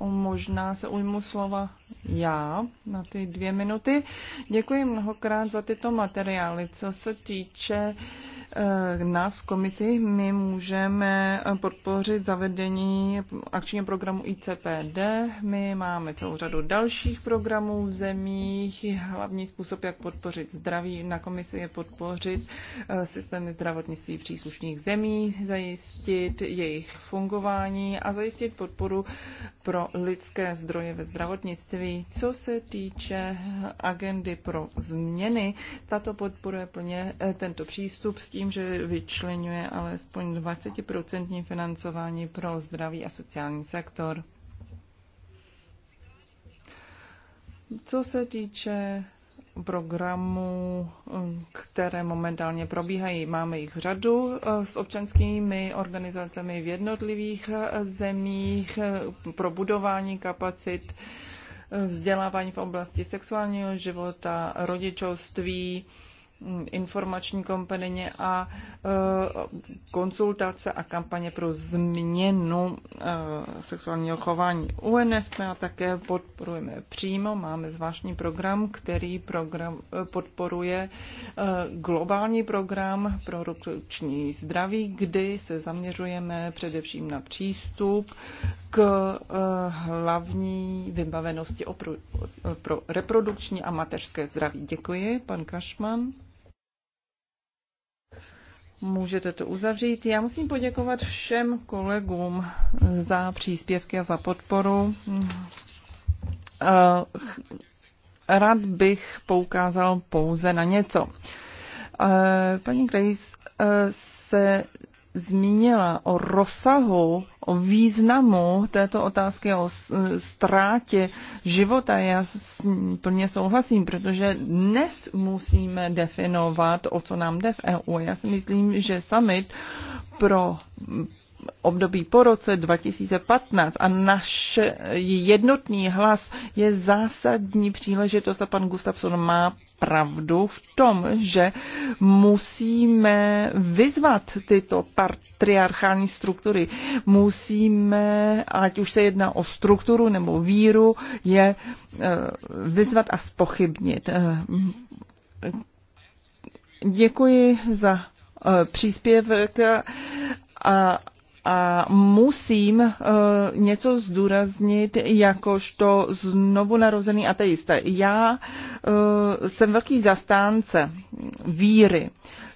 možná se ujmu slova já na ty dvě minuty. Děkuji mnohokrát za tyto materiály. Co se týče uh, Eh, nás komisi my můžeme eh, podpořit zavedení akčního programu ICPD. My máme celou řadu dalších programů v zemích. Hlavní způsob, jak podpořit zdraví na komisi, je podpořit eh, systémy zdravotnictví příslušných zemí, zajistit jejich fungování a zajistit podporu pro lidské zdroje ve zdravotnictví. Co se týče agendy pro změny, tato podporuje plně tento přístup s tím, tím, že vyčlenuje alespoň 20% financování pro zdravý a sociální sektor. Co se týče programů, které momentálně probíhají. Máme jich řadu eh, s občanskými organizacemi v jednotlivých eh, zemích eh, pro budování kapacit, vzdělávání v oblasti sexuálního života, rodičovství, informační kampaně a eh, konzultace a kampaně pro změnu eh, sexuálního chování. UNFP a také podporujeme přímo, máme zvláštní program, který program, eh, podporuje globální program pro reprodukční zdraví, kdy se zaměřujeme především na přístup k hlavní vybavenosti pro reprodukční a mateřské zdraví. Děkuji, pan Kašman. Můžete to uzavřít. Já musím poděkovat všem kolegům za příspěvky a za podporu. Eh, rád bych poukázal pouze na něco. Eh, paní Grace eh, se zmínila o rozsahu, o významu této otázky, o e, ztrátě života. Já s ní plně souhlasím, protože dnes musíme definovat, o co nám jde v EU. Já si myslím, že summit pro období po roce 2015 a náš jednotný hlas je zásadní příležitost a pan Gustafsson má pravdu v tom, že musíme vyzvat tyto patriarchální struktury. Musíme, ať už se jedná o strukturu nebo víru, je eh, vyzvat a spochybnit. Eh, děkuji za eh, příspěvek a a musím uh, něco zdůraznit jakožto znovu narozený ateista. Já uh, jsem velký zastánce víry,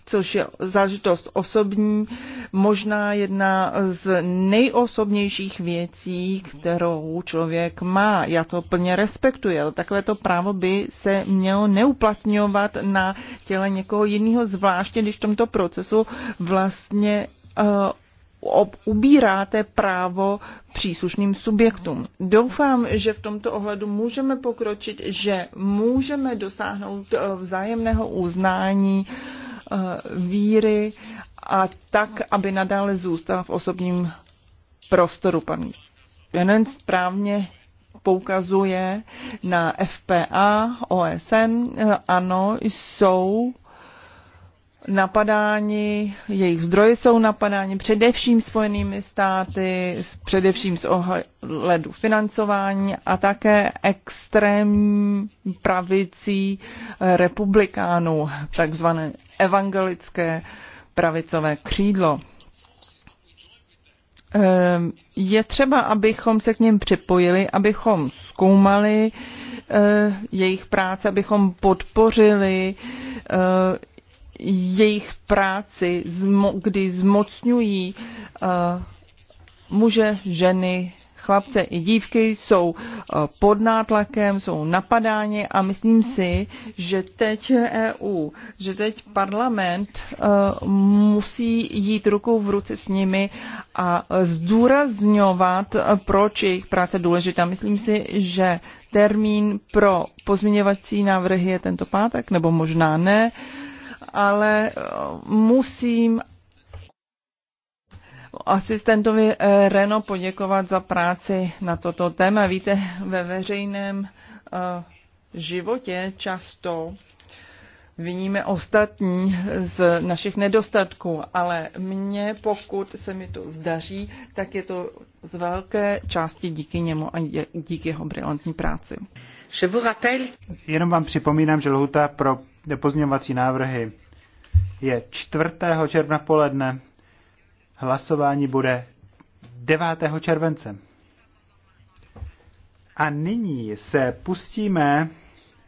což je zážitost osobní, možná jedna z nejosobnějších věcí, kterou člověk má. Já to plně respektuji, ale to právo by se mělo neuplatňovat na těle někoho jiného, zvláště když v tomto procesu vlastně eh, ubíráte právo příslušným subjektům. Doufám, že v tomto ohledu můžeme pokročit, že můžeme dosáhnout eh, vzájemného uznání eh, víry a tak, aby nadále zůstal v osobním prostoru. Pan Jenen správně poukazuje na FPA, OSN. Eh, ano, jsou napadáni, jejich zdroje jsou napadáni především spojenými státy, především z ohledu financování a také extrémní pravicí eh, republikánů, takzvané evangelické pravicové křídlo. Ehm, je třeba, abychom se k něm připojili, abychom zkoumali eh, jejich práce, abychom podpořili eh, jejich práci, kdy zmocňují eh, muže, ženy, chlapce i dívky jsou eh, pod nátlakem, jsou napadáni a myslím si, že teď EU, e že teď parlament eh, musí jít rukou v ruce s nimi a zdůrazňovat, proč jejich práce důležitá. Myslím si, že termín pro pozměňovací návrhy je tento pátek, nebo možná ne. Uh, ale eh, musím asistentovi eh, Reno poděkovat za práci na toto téma. Víte, ve veřejném eh, životě často viníme ostatní z našich nedostatků, ale mně, pokud se mi to zdaří, tak je to z velké části díky němu a díky jeho brilantní práci. Jenom vám připomínám, že lhuta pro pozměňovací návrhy je 4. června poledne, hlasování bude 9. července. A nyní se pustíme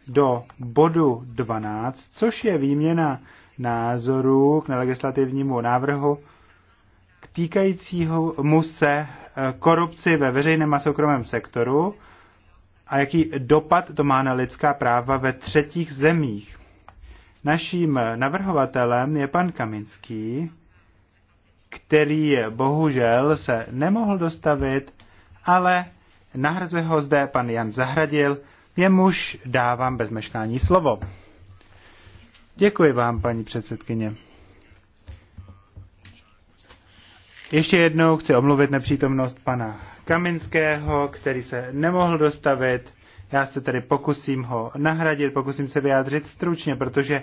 do bodu 12, což je výměna názorů k nelegislativnímu návrhu k týkajícímu se eh, korupci ve veřejném a soukromém sektoru a jaký dopad to má na lidská práva ve třetích zemích. Naším navrhovatelem je pan Kaminský, který bohužel se nemohl dostavit, ale nahrazuje ho zde pan Jan Zahradil, jemuž dávám bez meškání slovo. Děkuji vám, paní předsedkyně. Ještě jednou chci omluvit nepřítomnost pana Kaminského, který se nemohl dostavit já se tedy pokusím ho nahradit, pokusím se vyjádřit stručně, protože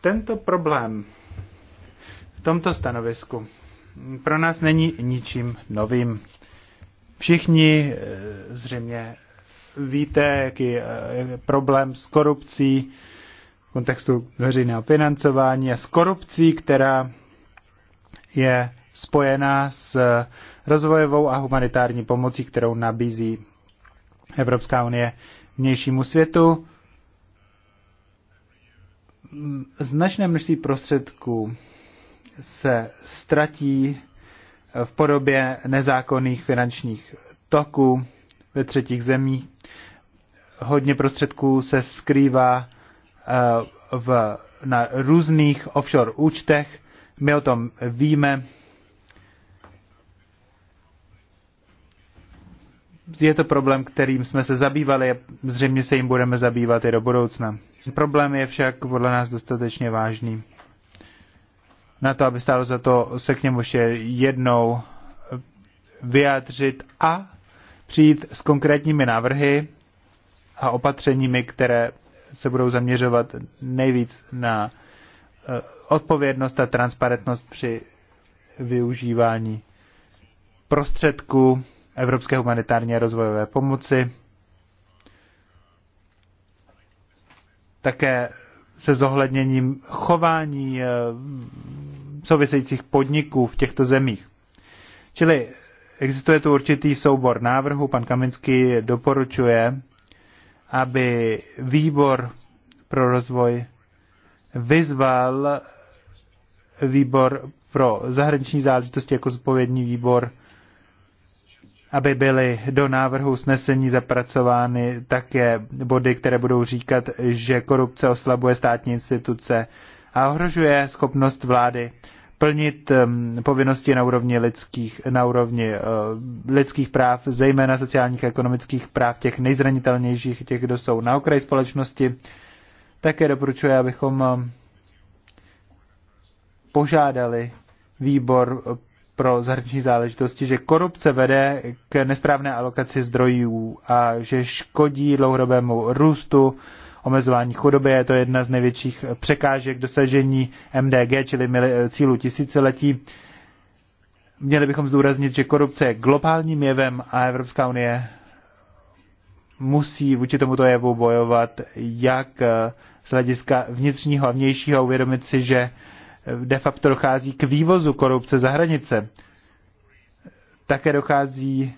tento problém v tomto stanovisku pro nás není ničím novým. Všichni eh, zřejmě víte, jaký je eh, problém s korupcí v kontextu veřejného financování a s korupcí, která je spojená s rozvojovou a humanitární pomocí, kterou nabízí Evropská unie vnějšímu světu. Značné množství prostředků se ztratí v podobě nezákonných finančních toků ve třetích zemích. Hodně prostředků se skrývá eh, v, na různých offshore účtech. My o tom víme, je to problém, kterým jsme se zabývali a zřejmě se jim budeme zabývat i do budoucna. Problém je však podle nás dostatečně vážný. Na to, aby stálo za to se k němu ještě jednou vyjádřit a přijít s konkrétními návrhy a opatřeními, které se budou zaměřovat nejvíc na eh, odpovědnost a transparentnost při využívání prostředků Evropské humanitární a rozvojové pomoci. Také se zohledněním chování eh, souvisejících podniků v těchto zemích. Čili existuje tu určitý soubor návrhů. Pan Kaminsky doporučuje, aby výbor pro rozvoj vyzval výbor pro zahraniční záležitosti jako zpovědní výbor aby byly do návrhu usnesení zapracovány také body, které budou říkat, že korupce oslabuje státní instituce a ohrožuje schopnost vlády plnit um, povinnosti na úrovni lidských, na úrovni uh, lidských práv, zejména sociálních a ekonomických práv těch nejzranitelnějších, těch, kdo jsou na okraji společnosti. Také doporučuji, abychom um, požádali výbor pro zahraniční záležitosti, že korupce vede k nesprávné alokaci zdrojů a že škodí dlouhodobému růstu, omezování chudoby. Je to jedna z největších překážek dosažení MDG, čili cílu tisíciletí. Měli bychom zdůraznit, že korupce je globálním jevem a Evropská unie musí vůči tomuto jevu bojovat jak z hlediska vnitřního a vnějšího uvědomit si, že de facto dochází k vývozu korupce za hranice. Také dochází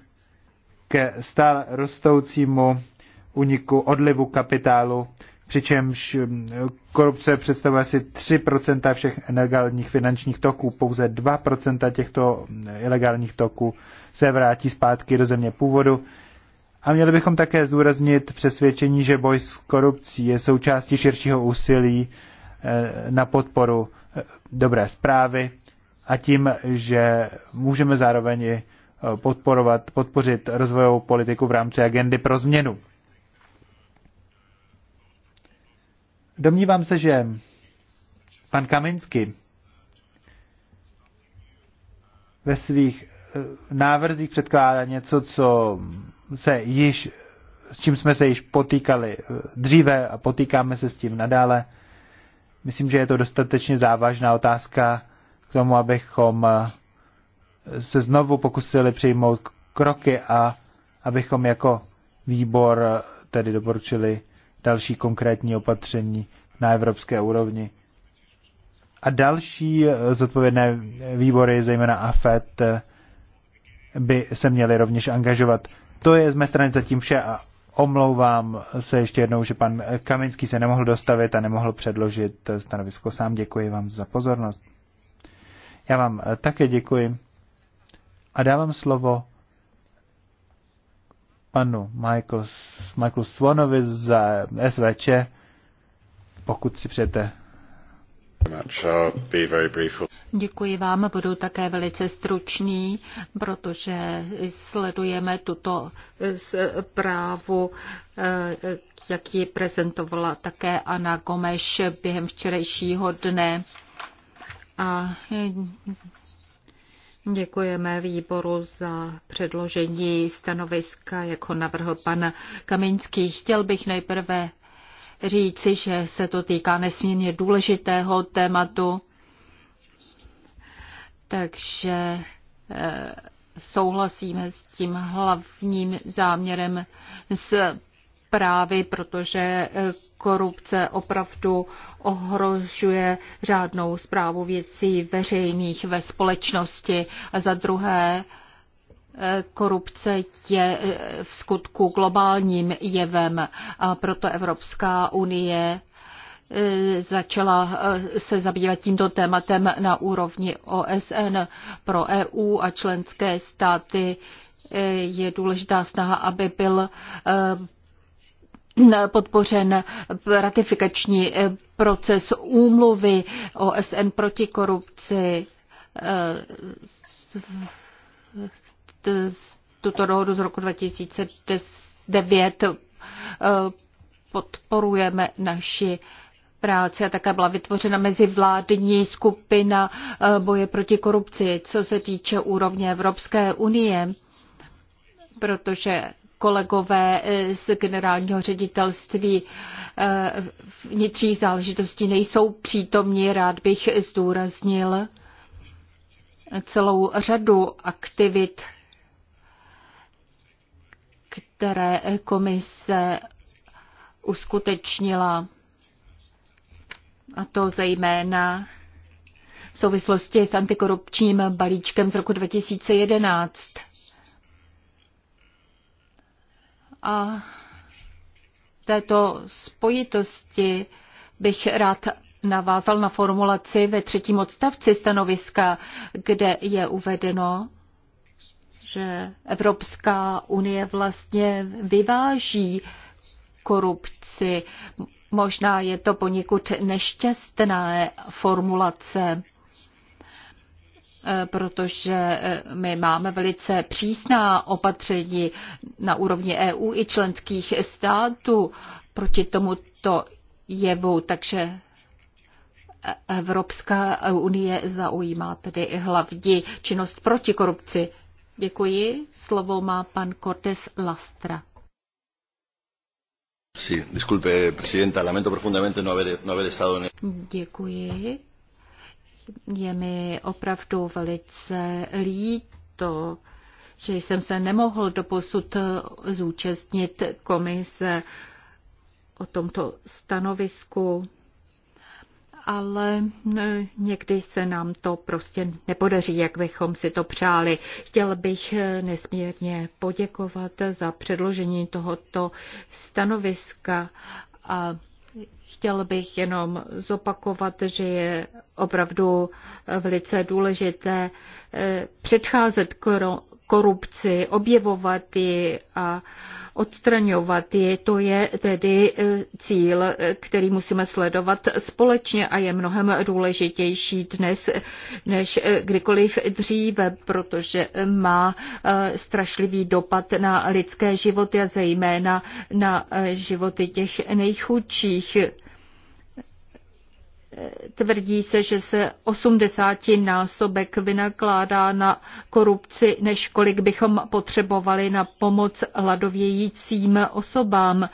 ke stále rostoucímu uniku odlivu kapitálu, přičemž hm, korupce představuje asi 3% všech nelegálních finančních toků. Pouze 2% těchto hm, ilegálních toků se vrátí zpátky do země původu. A měli bychom také zdůraznit přesvědčení, že boj s korupcí je součástí širšího úsilí na podporu eh, dobré zprávy a tím, že můžeme zároveň eh, podporovat, podpořit rozvojovou politiku v rámci agendy pro změnu. Domnívám se, že pan Kaminsky ve svých eh, návrzích předkládá něco, co se již, s čím jsme se již potýkali dříve a potýkáme se s tím nadále. Myslím, že je to dostatečně závažná otázka k tomu, abychom eh, se znovu pokusili přijmout kroky a abychom jako výbor eh, tedy doporučili další konkrétní opatření na evropské úrovni. A další eh, zodpovědné výbory, zejména AFET, by se měly rovněž angažovat. To je z mé strany zatím vše a omlouvám se ještě jednou, že pan Kaminský se nemohl dostavit a nemohl předložit stanovisko sám. Děkuji vám za pozornost. Já vám také děkuji a dávám slovo panu Michael, Michael Swanovi za SVČ, pokud si přejete Děkuji vám, budu také velice stručný, protože sledujeme tuto zprávu, jak ji prezentovala také Anna Gomeš během včerejšího dne. A Děkujeme výboru za předložení stanoviska, jako navrhl pan Kaminský. Chtěl bych nejprve říci, že se to týká nesmírně důležitého tématu. Takže eh, souhlasíme s tím hlavním záměrem s právy, protože eh, korupce opravdu ohrožuje řádnou zprávu věcí veřejných ve společnosti. A za druhé, Korupce je v skutku globálním jevem a proto Evropská unie e, začala e, se zabývat tímto tématem na úrovni OSN pro EU a členské státy. E, je důležitá snaha, aby byl podpořen ratifikační proces úmluvy OSN proti korupci tuto dohodu z roku 2009 eh, podporujeme naši práci a také byla vytvořena mezivládní skupina eh, boje proti korupci, co se týče úrovně Evropské unie, protože kolegové eh, z generálního ředitelství vnitřních záležitostí nejsou přítomní. Rád bych zdůraznil celou řadu aktivit které komise uskutečnila, a to zejména v souvislosti s antikorupčním balíčkem z roku 2011. A této spojitosti bych rád navázal na formulaci ve třetím odstavci stanoviska, kde je uvedeno, že Evropská unie vlastně vyváží korupci. Možná je to poněkud nešťastná formulace, eh, protože eh, my máme velice přísná opatření na úrovni EU i členských států proti tomuto jevu, takže Evropská unie zaujímá tedy hlavní činnost proti korupci. Děkuji. Slovo má pan Cortés Lastra. Sí, disculpe, presidenta, lamento profundamente no haber, no haber estado en... Děkuji. Je mi opravdu velice líto, že jsem se nemohl doposud zúčastnit komise o tomto stanovisku ale e, někdy se nám to prostě nepodaří, jak bychom si to přáli. Chtěl bych e, nesmírně poděkovat za předložení tohoto stanoviska a Chtěl bych jenom zopakovat, že je opravdu velice důležité e, předcházet korupci, objevovat ji a odstraňovat je To je tedy e, cíl, e, který musíme sledovat společně a je mnohem důležitější dnes než e, kdykoliv dříve, protože má strašlivý dopad na lidské životy a zejména na životy těch nejchudších Tvrdí se, že se 80 násobek vynakládá na korupci, než kolik bychom potřebovali na pomoc hladovějícím osobám.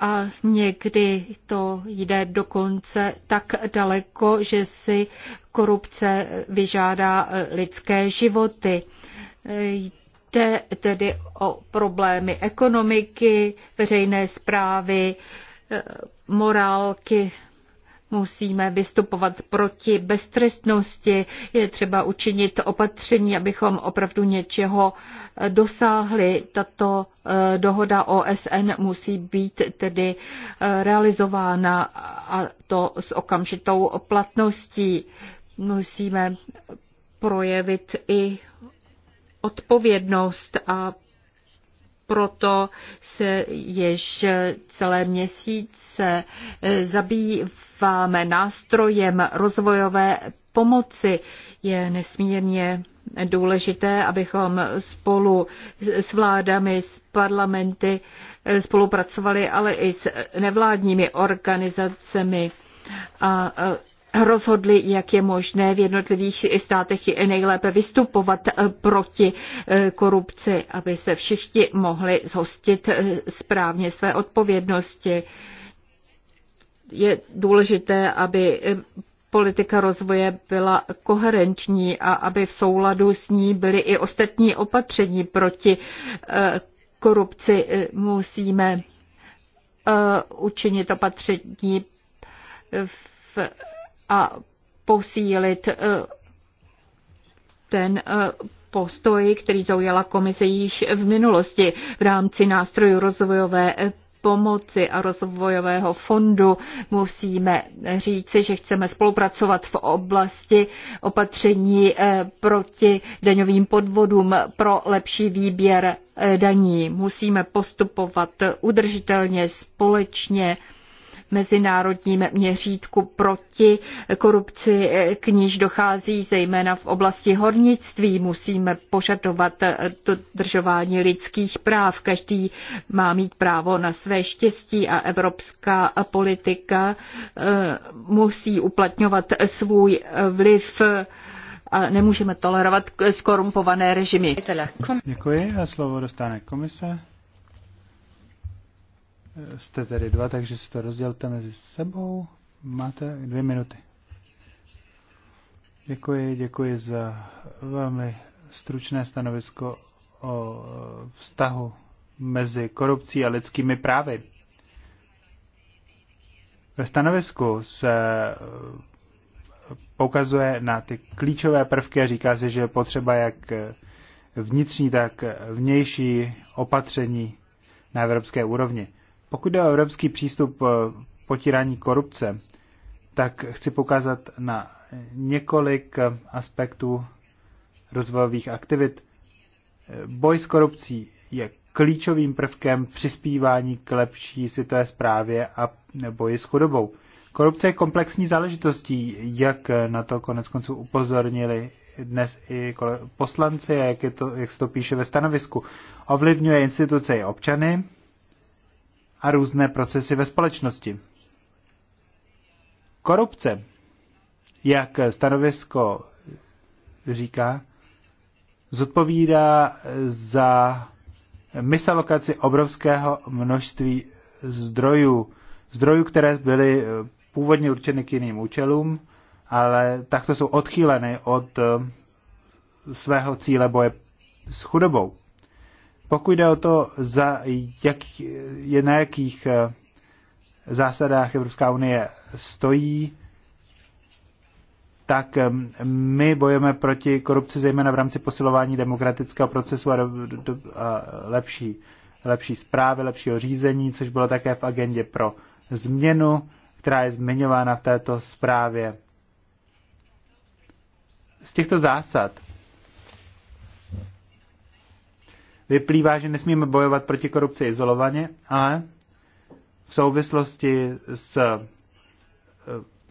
A někdy to jde dokonce tak daleko, že si korupce vyžádá lidské životy. Jde tedy o problémy ekonomiky, veřejné zprávy, Eh, morálky. Musíme vystupovat proti beztrestnosti, je třeba učinit opatření, abychom opravdu něčeho eh, dosáhli. Tato eh, dohoda OSN musí být tedy realizována a to s okamžitou platností. Musíme projevit i odpovědnost a proto se jež celé měsíce eh, zabýváme nástrojem rozvojové pomoci. Je nesmírně důležité, abychom spolu s vládami, s parlamenty eh, spolupracovali, ale i s nevládními organizacemi a eh, rozhodli, jak je možné v jednotlivých státech nejlépe vystupovat eh, proti eh, korupci, aby se všichni mohli zhostit eh, správně své odpovědnosti. Je důležité, aby politika rozvoje byla koherentní a aby v souladu s ní byly i ostatní opatření proti korupci. Musíme učinit opatření v a posílit eh, ten eh, postoj, který zaujala komise již v minulosti v rámci nástrojů rozvojové eh, pomoci a rozvojového fondu. Musíme říci, že chceme spolupracovat v oblasti opatření proti daňovým podvodům pro lepší výběr daní. Musíme postupovat udržitelně, společně mezinárodním měřítku proti korupci, k níž dochází zejména v oblasti hornictví. Musíme požadovat dodržování lidských práv. Každý má mít právo na své štěstí a evropská politika eh, musí uplatňovat svůj vliv a nemůžeme tolerovat skorumpované režimy. Děkuji a slovo dostane komise jste tedy dva, takže si to rozdělte mezi sebou. Máte dvě minuty. Děkuji, děkuji za velmi stručné stanovisko o e, vztahu mezi korupcí a lidskými právy. Ve stanovisku se e, poukazuje na ty klíčové prvky a říká se, že je potřeba jak vnitřní, tak vnější opatření na evropské úrovni. Pokud jde o evropský přístup eh, potírání korupce, tak chci pokázat na několik eh, aspektů rozvojových aktivit. Eh, boj s korupcí je klíčovým prvkem přispívání k lepší světové zprávě a boji s chudobou. Korupce je komplexní záležitostí, jak na to konec konců upozornili dnes i poslanci, jak, je to, jak se to píše ve stanovisku. Ovlivňuje instituce i občany, a různé procesy ve společnosti. Korupce, jak stanovisko říká, zodpovídá za misalokaci obrovského množství zdrojů. Zdrojů, které byly původně určeny k jiným účelům, ale takto jsou odchýleny od svého cíle boje s chudobou. Pokud jde o to, za jak, je na jakých eh, zásadách Evropská unie stojí, tak my bojujeme proti korupci zejména v rámci posilování demokratického procesu a, a lepší, lepší zprávy, lepšího řízení, což bylo také v agendě pro změnu, která je zmiňována v této zprávě. Z těchto zásad vyplývá, že nesmíme bojovat proti korupci izolovaně, ale v souvislosti s eh,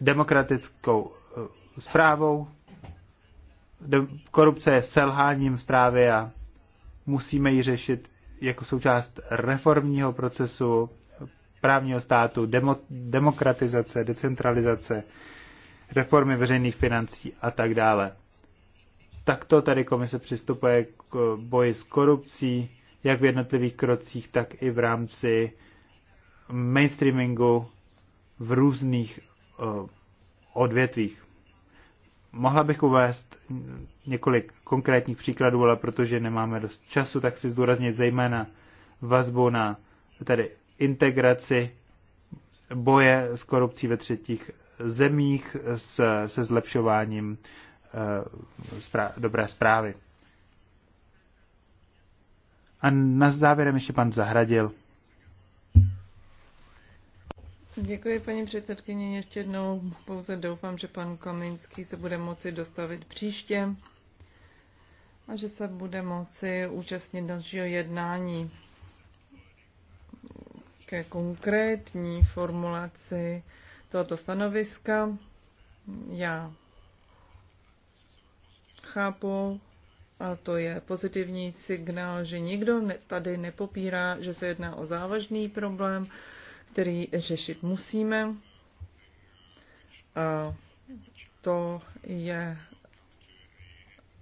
demokratickou zprávou. Eh, korupce je selháním zprávy a musíme ji řešit jako součást reformního procesu právního státu, demo, demokratizace, decentralizace, reformy veřejných financí a tak dále. Takto tady komise přistupuje k boji s korupcí, jak v jednotlivých krocích, tak i v rámci mainstreamingu v různých eh, odvětvích. Mohla bych uvést několik konkrétních příkladů, ale protože nemáme dost času, tak si zdůraznit zejména vazbu na tedy integraci boje s korupcí ve třetích zemích s, se zlepšováním Eh, dobré zprávy. A na závěrem ještě pan Zahradil. Děkuji, paní předsedkyně. Ještě jednou pouze doufám, že pan Kaminský se bude moci dostavit příště a že se bude moci účastnit dalšího jednání ke konkrétní formulaci tohoto stanoviska. Já chápu, a to je pozitivní signál, že nikdo tady nepopírá, že se jedná o závažný problém, který řešit musíme. A to je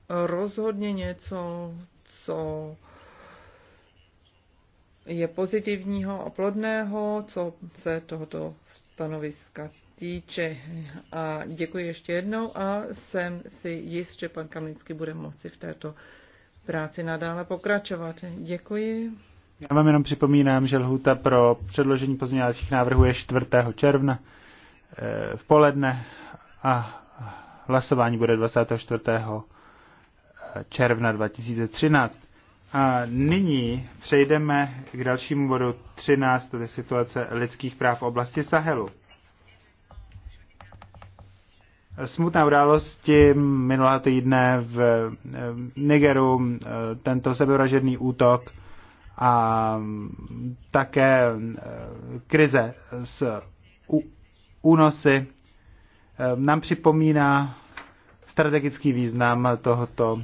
rozhodně něco, co je pozitivního a plodného, co se tohoto stanoviska týče. A děkuji ještě jednou a jsem si jist, že pan Kamlický bude moci v této práci nadále pokračovat. Děkuji. Já vám jenom připomínám, že lhůta pro předložení pozměňovacích návrhů je 4. června eh, v poledne a hlasování bude 24. Eh, června 2013. A nyní přejdeme k dalšímu bodu 13, tedy situace lidských práv v oblasti Sahelu. Smutné události minulého týdne v Nigeru, tento sebevražedný útok a také eh, krize s únosy eh, nám připomíná strategický význam tohoto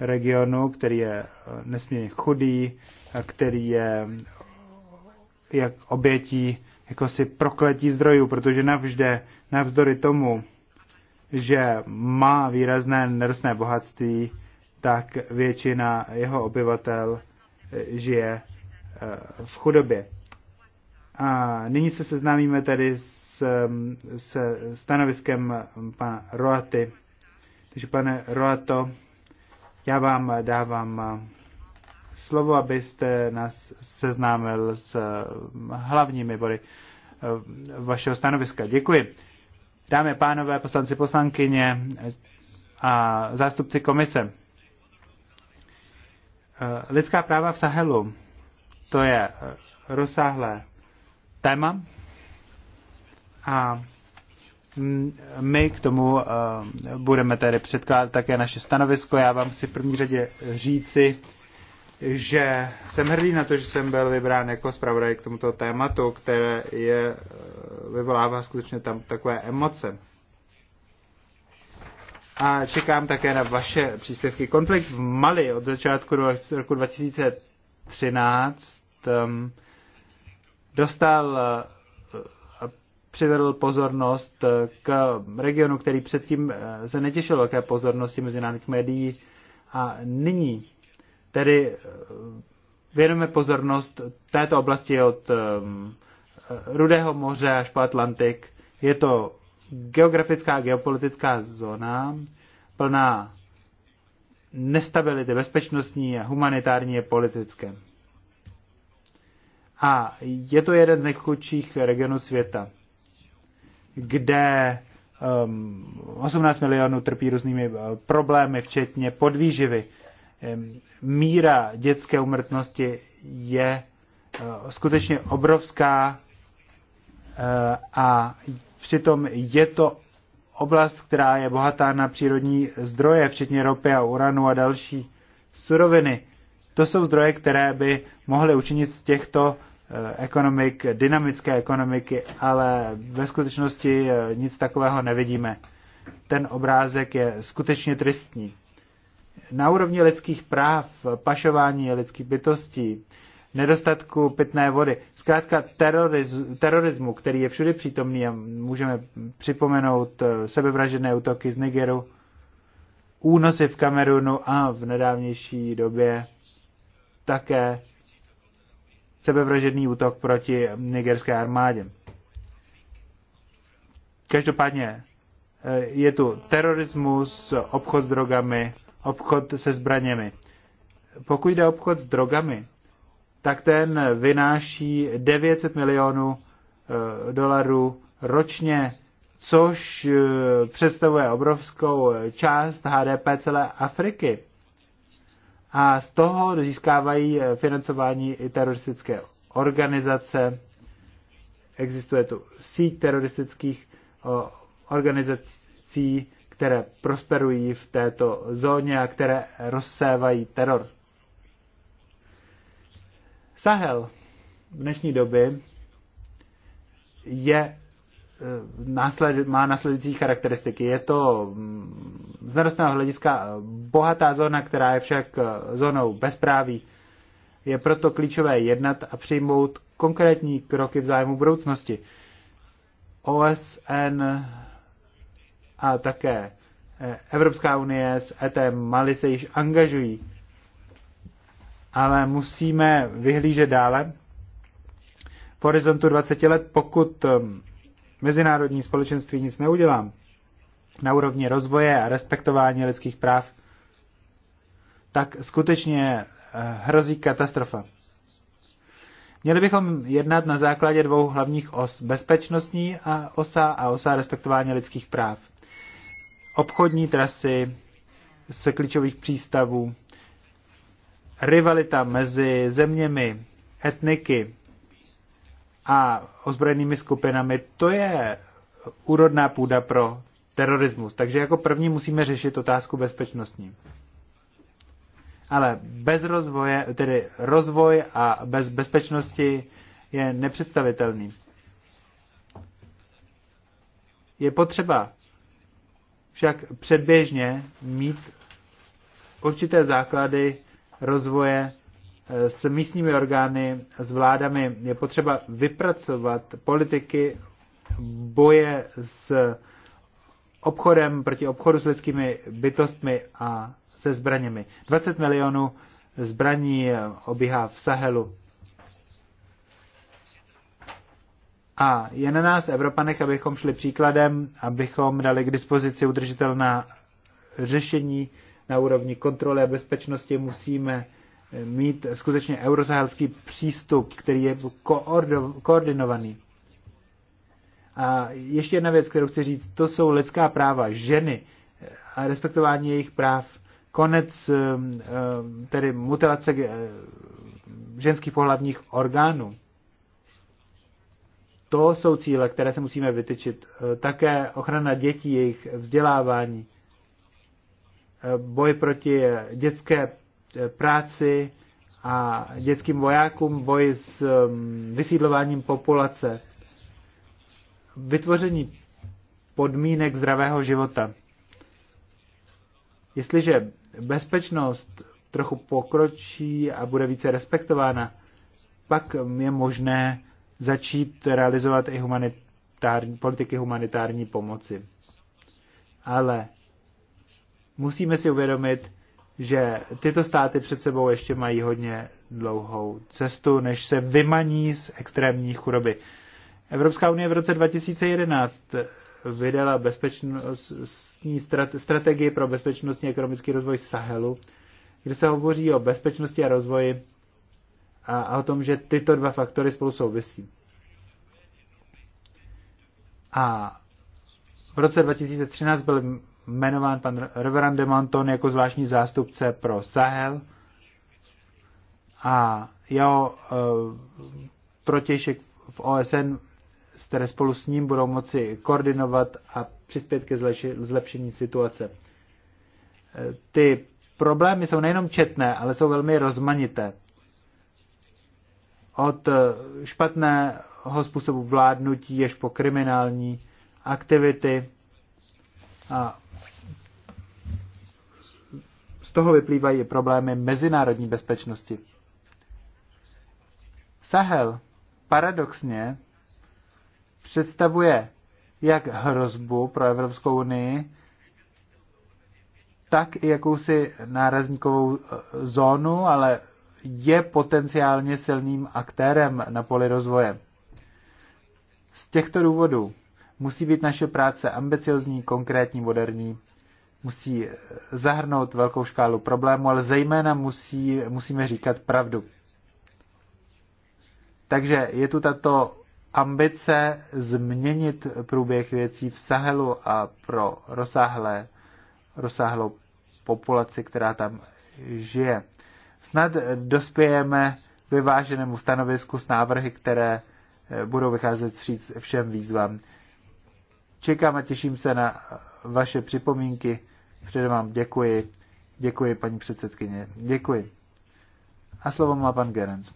regionu, který je eh, nesmírně chudý, který je jak obětí jako si prokletí zdrojů, protože navždy, navzdory tomu, že má výrazné nerostné bohatství, tak většina jeho obyvatel eh, žije eh, v chudobě. A nyní se seznámíme tedy s, se stanoviskem pana Roaty. Takže pane Roato, já vám eh, dávám eh, slovo, abyste nás seznámil s eh, hlavními body vašeho stanoviska. Děkuji. Dámy a pánové, poslanci, poslankyně a zástupci komise. Lidská práva v Sahelu, to je rozsáhlé téma a Mm, my k tomu eh, budeme tedy předkládat také naše stanovisko. Já vám chci v první řadě říci, že jsem hrdý na to, že jsem byl vybrán jako zpravodaj k tomuto tématu, které je, eh, vyvolává skutečně tam takové emoce. A čekám také na vaše příspěvky. Konflikt v Mali od začátku roku 2013 ehm, dostal přivedl pozornost eh, k regionu, který předtím eh, se netěšil velké pozornosti mezinárodních médií. A nyní tedy eh, věnujeme pozornost této oblasti od Rudého moře až po Atlantik. Je to geografická a geopolitická zóna plná nestability bezpečnostní a humanitární a politické. A je to jeden z nejchudších regionů světa kde 18 um, milionů trpí různými uh, problémy, včetně podvýživy. Míra dětské umrtnosti je uh, skutečně obrovská uh, a přitom je to oblast, která je bohatá na přírodní zdroje, včetně ropy a uranu a další suroviny. To jsou zdroje, které by mohly učinit z těchto Eh, ekonomik, dynamické ekonomiky, ale ve skutečnosti eh, nic takového nevidíme. Ten obrázek je skutečně tristní. Na úrovni lidských práv, pašování lidských bytostí, nedostatku pitné vody, zkrátka teroriz, terorismu, který je všude přítomný a můžeme připomenout eh, sebevražené útoky z Nigeru, únosy v Kamerunu a v nedávnější době také sebevražedný útok proti nigerské armádě. Každopádně eh, je tu terorismus, obchod s drogami, obchod se zbraněmi. Pokud jde obchod s drogami, tak ten vynáší 900 milionů eh, dolarů ročně, což eh, představuje obrovskou část HDP celé Afriky a z toho získávají eh, financování i teroristické organizace. Existuje tu síť teroristických organizací, které prosperují v této zóně a které rozsévají teror. Sahel v dnešní době je, eh, má následující charakteristiky. Je to mm, z nerostného hlediska bohatá zóna, která je však eh, zónou bezpráví. Je proto klíčové jednat a přijmout konkrétní kroky v zájmu budoucnosti. OSN a také eh, Evropská unie s ET Mali se již angažují, ale musíme vyhlížet dále. V horizontu 20 let, pokud eh, mezinárodní společenství nic neudělá, na úrovni rozvoje a respektování lidských práv, tak skutečně eh, hrozí katastrofa. Měli bychom jednat na základě dvou hlavních os, bezpečnostní a osa a osa respektování lidských práv. Obchodní trasy z klíčových přístavů, rivalita mezi zeměmi, etniky a ozbrojenými skupinami, to je úrodná půda pro terorismus. Takže jako první musíme řešit otázku bezpečnostní. Ale bez rozvoje, tedy rozvoj a bez bezpečnosti je nepředstavitelný. Je potřeba však předběžně mít určité základy rozvoje eh, s místními orgány, s vládami. Je potřeba vypracovat politiky boje s obchodem, proti obchodu s lidskými bytostmi a se zbraněmi. 20 milionů zbraní obíhá v Sahelu. A je na nás, Evropanech, abychom šli příkladem, abychom dali k dispozici udržitelná řešení na úrovni kontroly a bezpečnosti. Musíme mít skutečně eurosahelský přístup, který je koordinovaný. A ještě jedna věc, kterou chci říct, to jsou lidská práva ženy a respektování jejich práv. Konec um, um, tedy mutilace eh, ženských pohlavních orgánů. To jsou cíle, které se musíme vytyčit. Eh, také ochrana dětí, jejich vzdělávání, eh, boj proti dětské práci a dětským vojákům, boj s um, vysídlováním populace vytvoření podmínek zdravého života. Jestliže bezpečnost trochu pokročí a bude více respektována, pak je možné začít realizovat i humanitární, politiky humanitární pomoci. Ale musíme si uvědomit, že tyto státy před sebou ještě mají hodně dlouhou cestu, než se vymaní z extrémní chudoby. Evropská unie v roce 2011 vydala bezpečnostní strategii pro bezpečnostní a ekonomický rozvoj Sahelu, kde se hovoří o bezpečnosti a rozvoji a, a o tom, že tyto dva faktory spolu souvisí. A v roce 2013 byl jmenován pan Reverend de Monton jako zvláštní zástupce pro Sahel a jeho uh, protějšek v OSN které spolu s ním budou moci koordinovat a přispět ke zlepšení situace. E, ty problémy jsou nejenom četné, ale jsou velmi rozmanité. Od e, špatného způsobu vládnutí jež po kriminální aktivity a z toho vyplývají problémy mezinárodní bezpečnosti. Sahel paradoxně představuje jak hrozbu pro Evropskou unii, tak i jakousi nárazníkovou eh, zónu, ale je potenciálně silným aktérem na poli rozvoje. Z těchto důvodů musí být naše práce ambiciozní, konkrétní, moderní, musí eh, zahrnout velkou škálu problémů, ale zejména musí, musíme říkat pravdu. Takže je tu tato ambice změnit průběh věcí v Sahelu a pro rozsáhlé, rozsáhlou populaci, která tam žije. Snad dospějeme k vyváženému stanovisku s návrhy, které eh, budou vycházet vstříc všem výzvám. Čekám a těším se na vaše připomínky. Předem vám děkuji. Děkuji, paní předsedkyně. Děkuji. A slovo má pan Gerenc.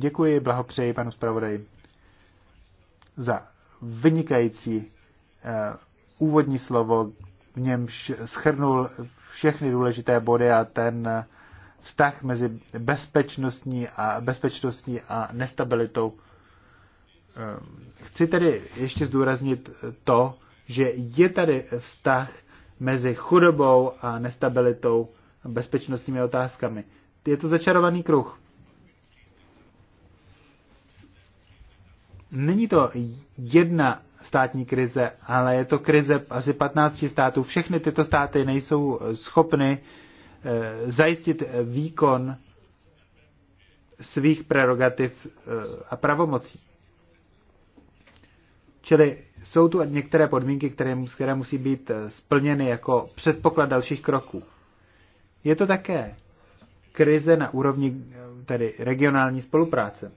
Děkuji, blahopřeji panu zpravodaji za vynikající uh, úvodní slovo, v němž schrnul všechny důležité body a ten eh, vztah mezi bezpečnostní a, bezpečnostní a nestabilitou. Eh, chci tedy ještě zdůraznit to, že je tady vztah mezi chudobou a nestabilitou bezpečnostními otázkami. Je to začarovaný kruh. není to jedna státní krize, ale je to krize asi 15 států. Všechny tyto státy nejsou schopny eh, zajistit výkon svých prerogativ eh, a pravomocí. Čili jsou tu některé podmínky, které, které musí být eh, splněny jako předpoklad dalších kroků. Je to také krize na úrovni tedy regionální spolupráce.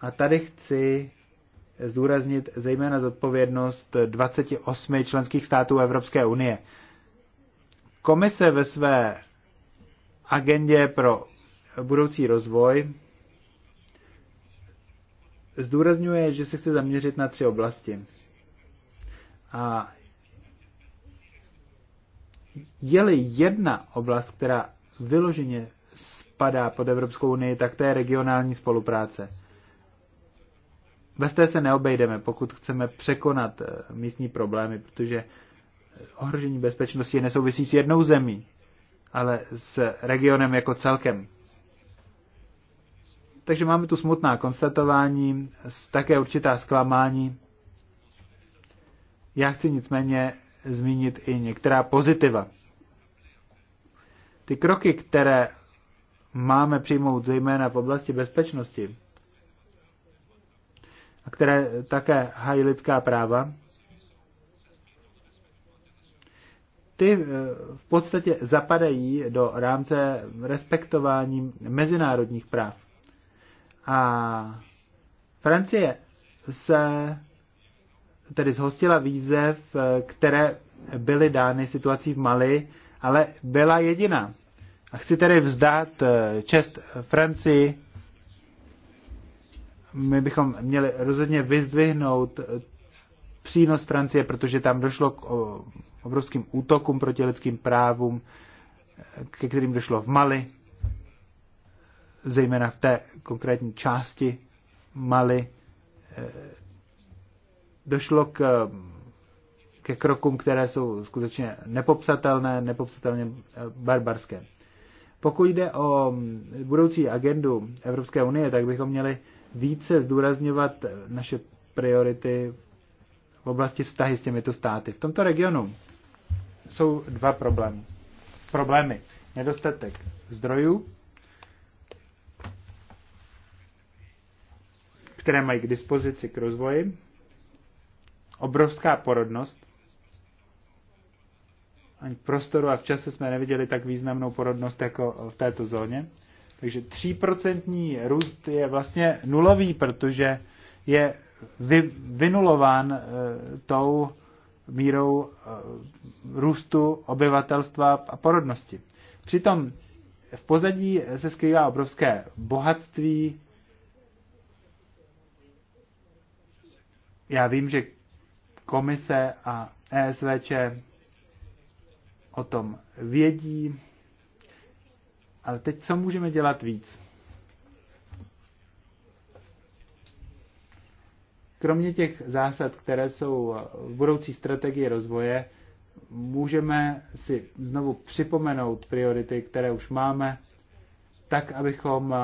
A tady chci zdůraznit zejména zodpovědnost 28 členských států Evropské unie. Komise ve své agendě pro budoucí rozvoj zdůrazňuje, že se chce zaměřit na tři oblasti. A je-li jedna oblast, která vyloženě spadá pod Evropskou unii, tak to je regionální spolupráce. Bez té se neobejdeme, pokud chceme překonat eh, místní problémy, protože ohrožení bezpečnosti je nesouvisí s jednou zemí, ale s regionem jako celkem. Takže máme tu smutná konstatování, také určitá zklamání. Já chci nicméně zmínit i některá pozitiva. Ty kroky, které máme přijmout zejména v oblasti bezpečnosti, které také hají lidská práva, ty eh, v podstatě zapadají do rámce respektování mezinárodních práv. A Francie se tedy zhostila výzev, eh, které byly dány situací v Mali, ale byla jediná. A chci tedy vzdát eh, čest Francii my bychom měli rozhodně vyzdvihnout eh, přínos Francie, protože tam došlo k obrovským útokům proti lidským právům, eh, ke kterým došlo v Mali, zejména v té konkrétní části Mali. Eh, došlo k, ke krokům, které jsou skutečně nepopsatelné, nepopsatelně barbarské. Pokud jde o mm, budoucí agendu Evropské unie, tak bychom měli více zdůrazňovat naše priority v oblasti vztahy s těmito státy. V tomto regionu jsou dva problémy. Problémy. Nedostatek zdrojů, které mají k dispozici k rozvoji, obrovská porodnost. Ani v prostoru a v čase jsme neviděli tak významnou porodnost jako v této zóně. Takže 3% růst je vlastně nulový, protože je vy, vynulován eh, tou mírou eh, růstu obyvatelstva a porodnosti. Přitom v pozadí se skrývá obrovské bohatství. Já vím, že komise a ESVČ o tom vědí. Ale teď co můžeme dělat víc? Kromě těch zásad, které jsou v budoucí strategii rozvoje, můžeme si znovu připomenout priority, které už máme, tak, abychom,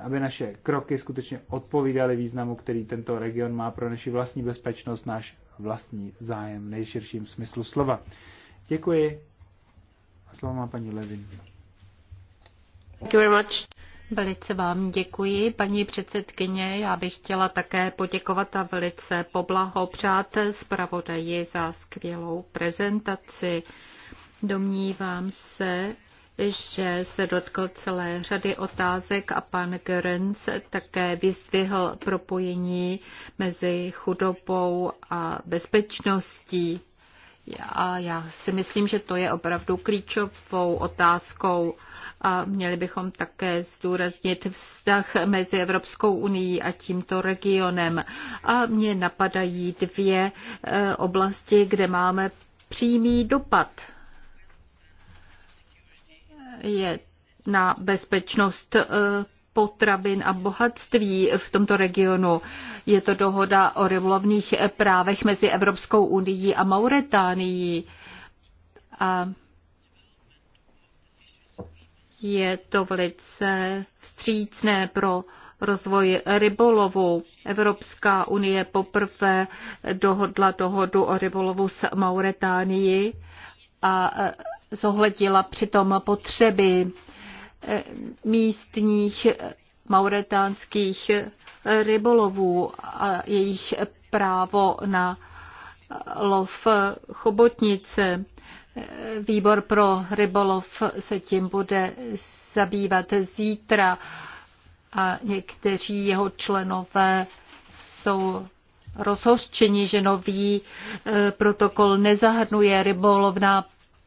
aby naše kroky skutečně odpovídaly významu, který tento region má pro naši vlastní bezpečnost, náš vlastní zájem v nejširším smyslu slova. Děkuji. A slovo má paní Levin. Velice vám děkuji, paní předsedkyně. Já bych chtěla také poděkovat a velice poblahopřát zpravodaji za skvělou prezentaci. Domnívám se, že se dotkl celé řady otázek a pan Gerenc také vyzdvihl propojení mezi chudobou a bezpečností. A já si myslím, že to je opravdu klíčovou otázkou a měli bychom také zdůraznit vztah mezi Evropskou unii a tímto regionem. A mě napadají dvě e, oblasti, kde máme přímý dopad. Je na bezpečnost e, potravin a bohatství v tomto regionu. Je to dohoda o rybolovných právech mezi Evropskou unii a Mauretánií. A je to velice vstřícné pro rozvoj rybolovu. Evropská unie poprvé dohodla dohodu o rybolovu s Mauretánií a zohlednila přitom potřeby Eh, místních mauretánských rybolovů a jejich právo na lov chobotnice. Výbor pro rybolov se tím bude zabývat zítra a někteří jeho členové jsou rozhořčeni, že nový eh, protokol nezahrnuje rybolovná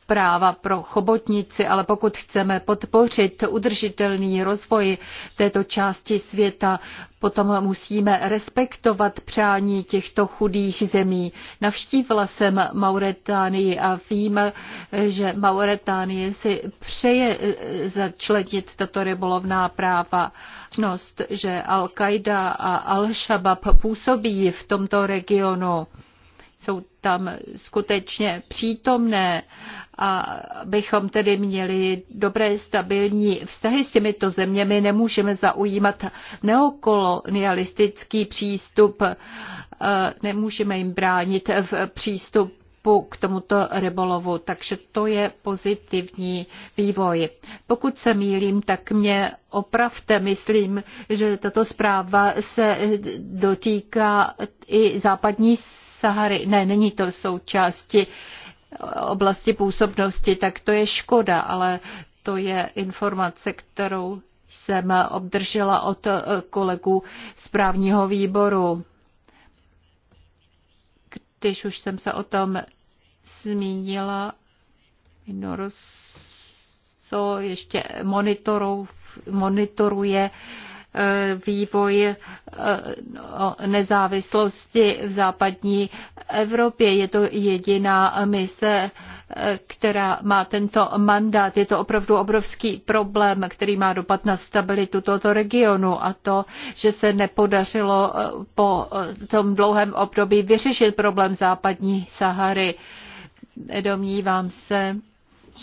práva pro chobotnici, ale pokud chceme podpořit udržitelný rozvoj této části světa, potom musíme respektovat přání těchto chudých zemí. Navštívila jsem Mauretánii a vím, že Mauretánie si přeje začlenit tato rybolovná práva. Že Al-Qaida a Al-Shabaab působí v tomto regionu jsou tam skutečně přítomné a bychom tedy měli dobré stabilní vztahy s těmito zeměmi, nemůžeme zaujímat neokolonialistický přístup, e, nemůžeme jim bránit v přístup k tomuto rybolovu, takže to je pozitivní vývoj. Pokud se mýlím, tak mě opravte. Myslím, že tato zpráva se dotýká i západní Sahary. Ne, není to součástí oblasti působnosti, tak to je škoda, ale to je informace, kterou jsem obdržela od eh, kolegů z právního výboru. Když už jsem se o tom zmínila, Minoros, co ještě monitoruje Eh, vývoj eh, no, nezávislosti v západní Evropě. Je to jediná mise, eh, která má tento mandát. Je to opravdu obrovský problém, který má dopad na stabilitu tohoto regionu a to, že se nepodařilo po tom dlouhém období vyřešit problém západní Sahary. Domnívám se,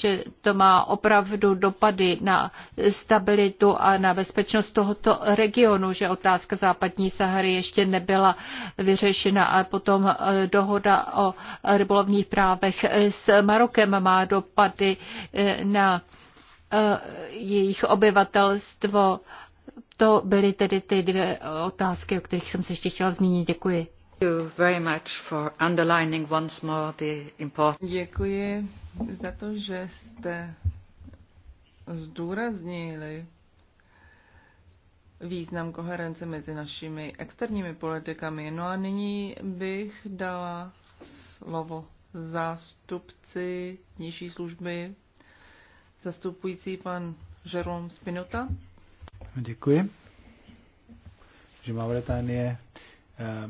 že to má opravdu dopady na stabilitu a na bezpečnost tohoto regionu, že otázka západní Sahary ještě nebyla vyřešena a potom e, dohoda o rybolovních právech s Marokem má dopady e, na e, jejich obyvatelstvo. To byly tedy ty dvě otázky, o kterých jsem se ještě chtěla zmínit. Děkuji. Děkuji za to, že jste zdůraznili význam koherence mezi našimi externími politikami. No a nyní bych dala slovo zástupci nižší služby, zastupující pan Jerome Spinota. Děkuji. Že má Británie Eh,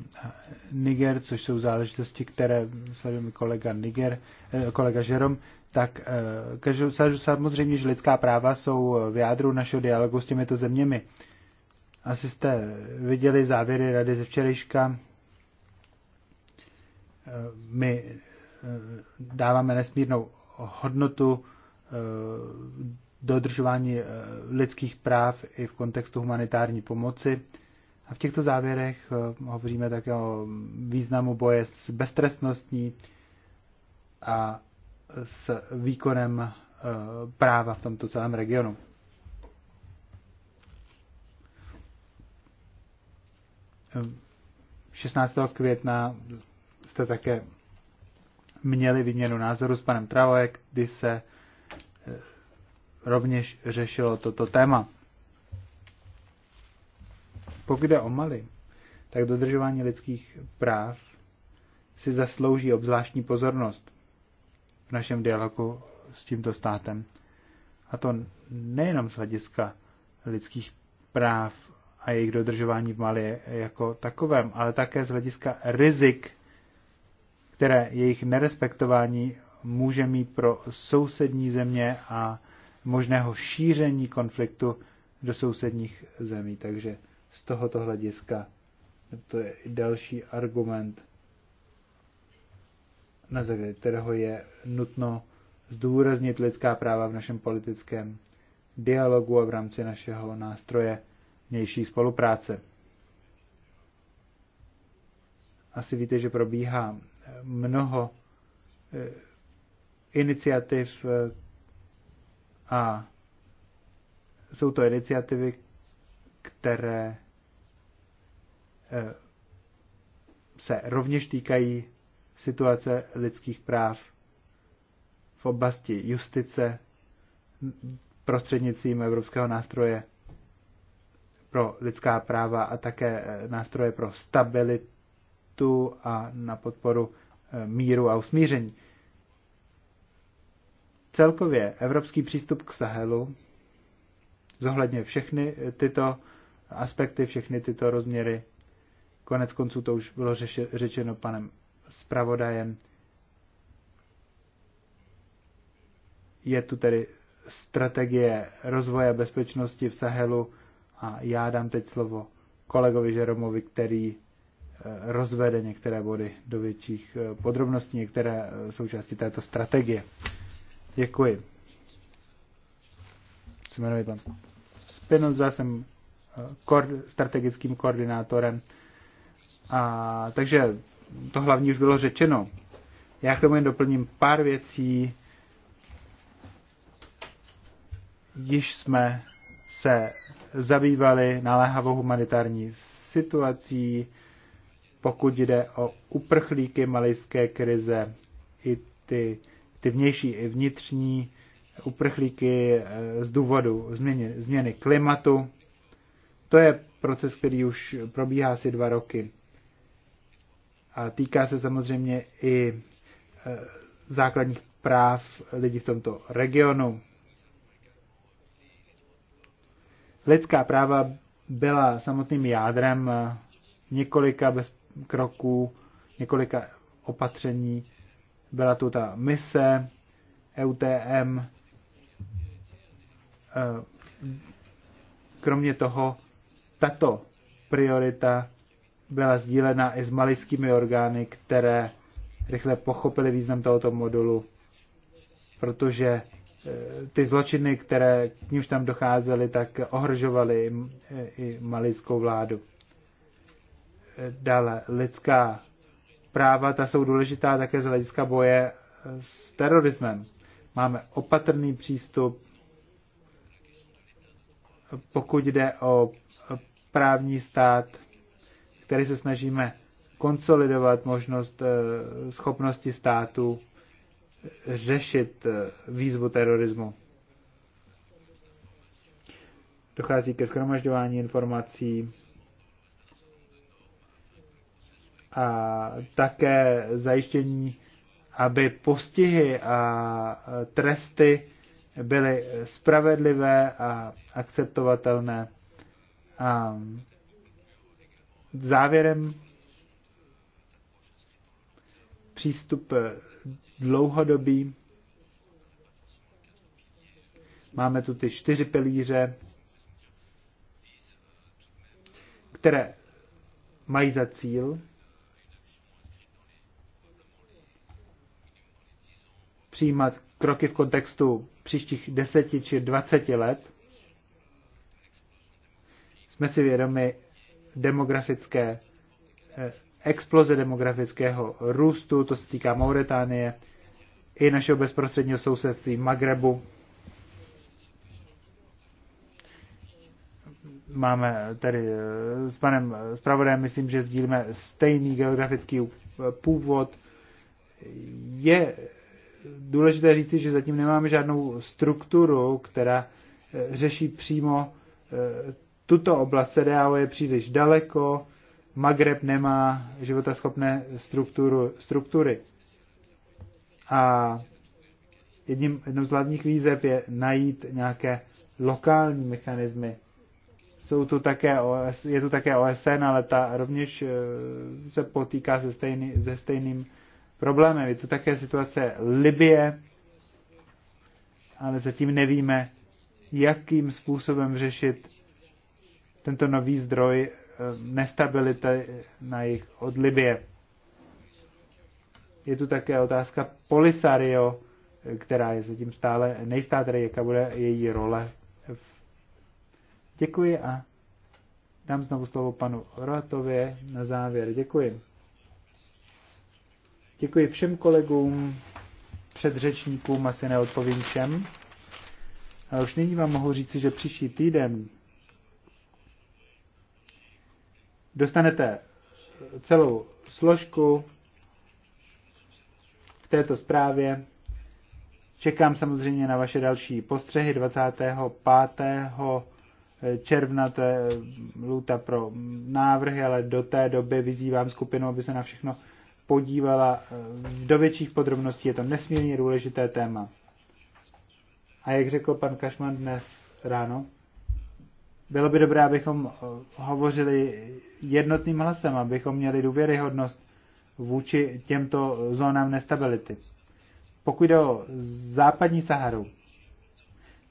Niger, což jsou záležitosti, které sleduje mi kolega Niger, eh, kolega Žerom, tak eh, samozřejmě, že lidská práva jsou v jádru našeho dialogu s těmito zeměmi. Asi jste viděli závěry rady ze včerejška. My dáváme nesmírnou hodnotu dodržování lidských práv i v kontextu humanitární pomoci. A v těchto závěrech eh, hovoříme také o významu boje s beztrestností a s výkonem eh, práva v tomto celém regionu. V eh, 16. května jste také měli výměnu názoru s panem Traoje, kdy se rovněž řešilo toto téma. Pokud jde o Mali, tak dodržování lidských práv si zaslouží obzvláštní pozornost v našem dialogu s tímto státem. A to nejenom z hlediska lidských práv a jejich dodržování v Mali jako takovém, ale také z hlediska rizik, které jejich nerespektování může mít pro sousední země a možného šíření konfliktu do sousedních zemí. Takže z tohoto hlediska. To je další argument, na základě kterého je nutno zdůraznit lidská práva v našem politickém dialogu a v rámci našeho nástroje vnější spolupráce. Asi víte, že probíhá mnoho eh, iniciativ eh, a jsou to iniciativy, které Eh, se rovněž týkají situace lidských práv v oblasti justice prostřednictvím Evropského nástroje pro lidská práva a také eh, nástroje pro stabilitu a na podporu eh, míru a usmíření. Celkově evropský přístup k Sahelu zohledňuje všechny tyto aspekty, všechny tyto rozměry Konec konců to už bylo řeši, řečeno panem zpravodajem. Je tu tedy strategie rozvoje bezpečnosti v Sahelu a já dám teď slovo kolegovi Žeromovi, který eh, rozvede některé body do větších eh, podrobností, některé eh, součásti této strategie. Děkuji. Se jmenuji pan Spinoza, jsem strategickým koordinátorem a, takže to hlavní už bylo řečeno. Já k tomu jen doplním pár věcí. Již jsme se zabývali naléhavou humanitární situací, pokud jde o uprchlíky malijské krize, i ty, ty vnější i vnitřní uprchlíky eh, z důvodu změny, změny klimatu. To je proces, který už probíhá asi dva roky. A týká se samozřejmě i e, základních práv lidí v tomto regionu. Lidská práva byla samotným jádrem několika bez kroků, několika opatření. Byla tu ta mise EUTM. E, kromě toho, tato priorita byla sdílena i s malickými orgány, které rychle pochopily význam tohoto modulu, protože eh, ty zločiny, které k nímž tam docházely, tak ohrožovaly i eh, malickou vládu. Eh, dále lidská práva, ta jsou důležitá také z hlediska boje s terorismem. Máme opatrný přístup, pokud jde o právní stát, který se snažíme konsolidovat možnost eh, schopnosti státu řešit eh, výzvu terorismu. Dochází ke schromažďování informací a také zajištění, aby postihy a tresty byly spravedlivé a akceptovatelné. A závěrem přístup eh, dlouhodobý. Máme tu ty čtyři pilíře, které mají za cíl přijímat kroky v kontextu příštích deseti či dvaceti let. Jsme si vědomi demografické eh, exploze demografického růstu, to se týká Mauretánie, i našeho bezprostředního sousedství Magrebu. Máme tady eh, s panem zpravodajem, myslím, že sdílíme stejný geografický původ. Je důležité říci, že zatím nemáme žádnou strukturu, která eh, řeší přímo tuto oblast CDAO je příliš daleko, Magreb nemá životaschopné strukturu, struktury. A jedním, jednou z hlavních výzev je najít nějaké lokální mechanismy. Jsou tu také OS, je tu také OSN, ale ta rovněž e, se potýká se, stejný, se stejným problémem. Je tu také situace Libie, ale zatím nevíme, jakým způsobem řešit tento nový zdroj eh, nestability na jejich odlibě Je tu také otázka Polisario, eh, která je zatím stále nejistá, tedy jaká bude její role. Děkuji a dám znovu slovo panu Rotově na závěr. Děkuji. Děkuji všem kolegům, předřečníkům, asi neodpovím všem. Ale už nyní vám mohu říci, že příští týden Dostanete celou složku v této zprávě. Čekám samozřejmě na vaše další postřehy 25. června, to je lůta pro návrhy, ale do té doby vyzývám skupinu, aby se na všechno podívala do větších podrobností. Je to nesmírně důležité téma. A jak řekl pan Kašman dnes ráno, bylo by dobré, abychom eh, hovořili jednotným hlasem, abychom měli důvěryhodnost vůči těmto zónám nestability. Pokud jde o západní Saharu,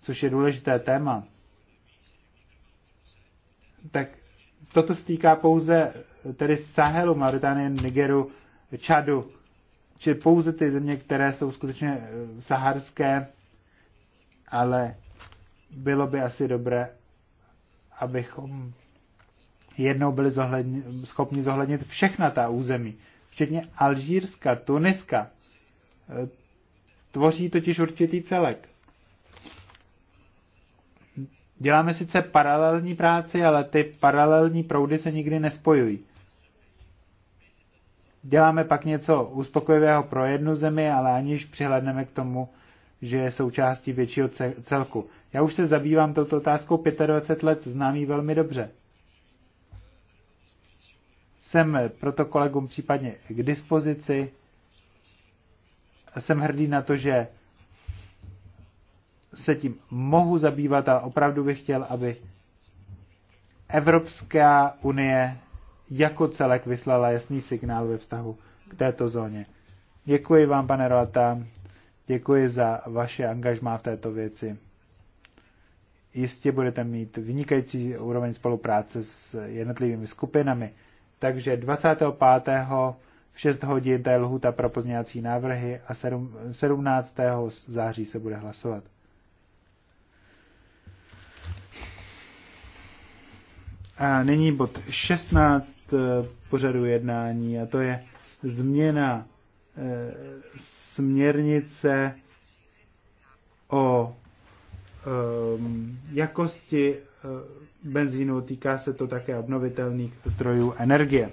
což je důležité téma, tak toto stýká pouze eh, tedy Sahelu, Mauritánie, Nigeru, Čadu, či pouze ty země, které jsou skutečně eh, saharské, ale bylo by asi dobré, abychom jednou byli zohledni, schopni zohlednit všechna ta území, včetně Alžírska, Tuniska. E, tvoří totiž určitý celek. Děláme sice paralelní práci, ale ty paralelní proudy se nikdy nespojují. Děláme pak něco uspokojivého pro jednu zemi, ale aniž přihledneme k tomu, že je součástí většího celku. Já už se zabývám touto otázkou 25 let, znám ji velmi dobře. Jsem proto kolegům případně k dispozici. Jsem hrdý na to, že se tím mohu zabývat a opravdu bych chtěl, aby Evropská unie jako celek vyslala jasný signál ve vztahu k této zóně. Děkuji vám, pane Roata. Děkuji za vaše angažmá v této věci. Jistě budete mít vynikající úroveň spolupráce s jednotlivými skupinami. Takže 25. v 6 hodin to je lhuta pro pozněvací návrhy a 17. září se bude hlasovat. A nyní bod 16 eh, pořadu jednání a to je změna směrnice o ehm, jakosti ehm, benzínu, týká se to také obnovitelných zdrojů energie.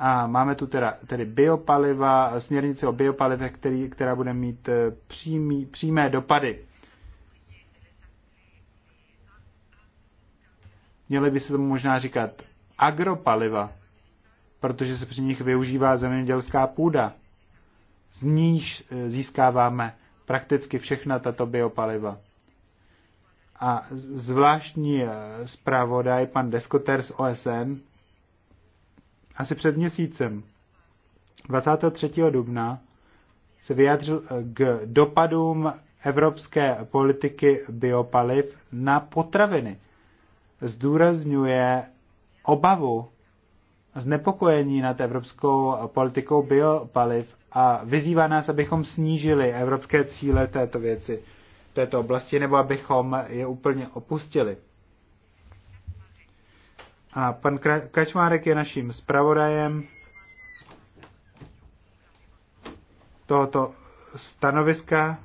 A máme tu teda, tedy biopaliva, směrnice o biopalivech, která bude mít eh, přímý, přímé dopady měli by se tomu možná říkat agropaliva, protože se při nich využívá zemědělská půda. Z níž eh, získáváme prakticky všechna tato biopaliva. A zvláštní eh, zpravodaj, pan Deskoter z OSN, asi před měsícem, 23. dubna, se vyjádřil eh, k dopadům evropské politiky biopaliv na potraviny zdůrazňuje obavu znepokojení nad evropskou politikou biopaliv a vyzývá nás, abychom snížili evropské cíle této věci, této oblasti, nebo abychom je úplně opustili. A pan Kačmárek je naším zpravodajem tohoto stanoviska.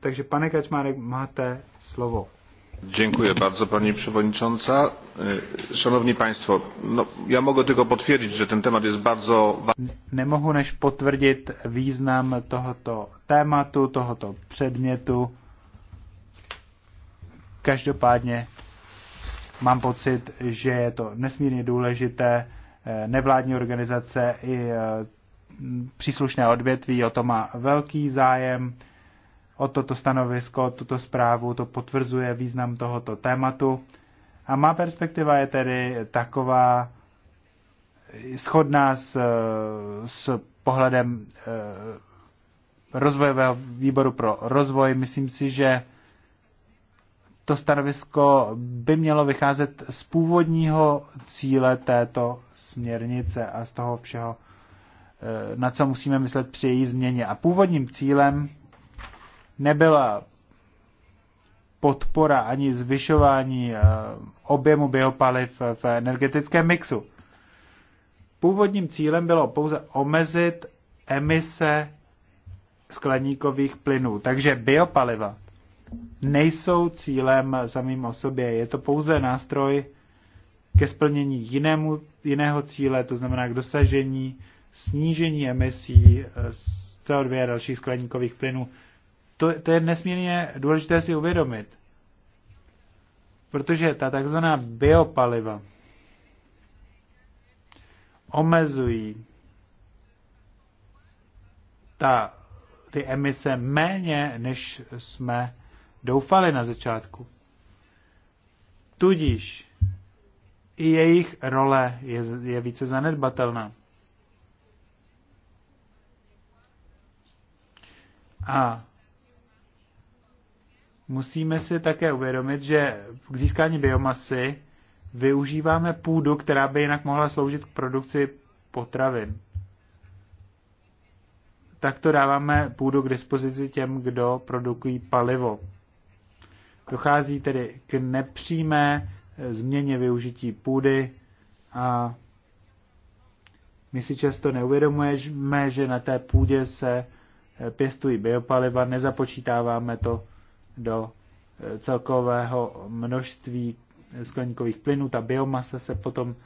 takže pane Kačmárek, máte slovo pani przewodnicząca. E, szanowni no, ja mogę tylko potwierdzić, że ten temat jest bardzo Nemohu než potvrdit význam tohoto tématu, tohoto předmětu. Každopádně mám pocit, že je to nesmírně důležité. E, nevládní organizace i e, příslušné odvětví o to má velký zájem o toto stanovisko, tuto zprávu, to potvrzuje význam tohoto tématu. A má perspektiva je tedy taková shodná s, s pohledem eh, rozvojového výboru pro rozvoj. Myslím si, že to stanovisko by mělo vycházet z původního cíle této směrnice a z toho všeho, eh, na co musíme myslet při její změně. A původním cílem nebyla podpora ani zvyšování eh, objemu biopaliv v energetickém mixu. Původním cílem bylo pouze omezit emise skleníkových plynů. Takže biopaliva nejsou cílem samým o sobě. Je to pouze nástroj ke splnění jinému, jiného cíle, to znamená k dosažení snížení emisí eh, z CO2 a dalších skleníkových plynů to, to je nesmírně důležité si uvědomit. Protože ta takzvaná biopaliva omezují ta, ty emise méně, než jsme doufali na začátku. Tudíž i jejich role je, je více zanedbatelná. A musíme si také uvědomit, že k získání biomasy využíváme půdu, která by jinak mohla sloužit k produkci potravin. Takto dáváme půdu k dispozici těm, kdo produkují palivo. Dochází tedy k nepřímé eh, změně využití půdy a my si často neuvědomujeme, že na té půdě se eh, pěstují biopaliva, nezapočítáváme to do eh, celkového množství skleníkových plynů. Ta biomasa se potom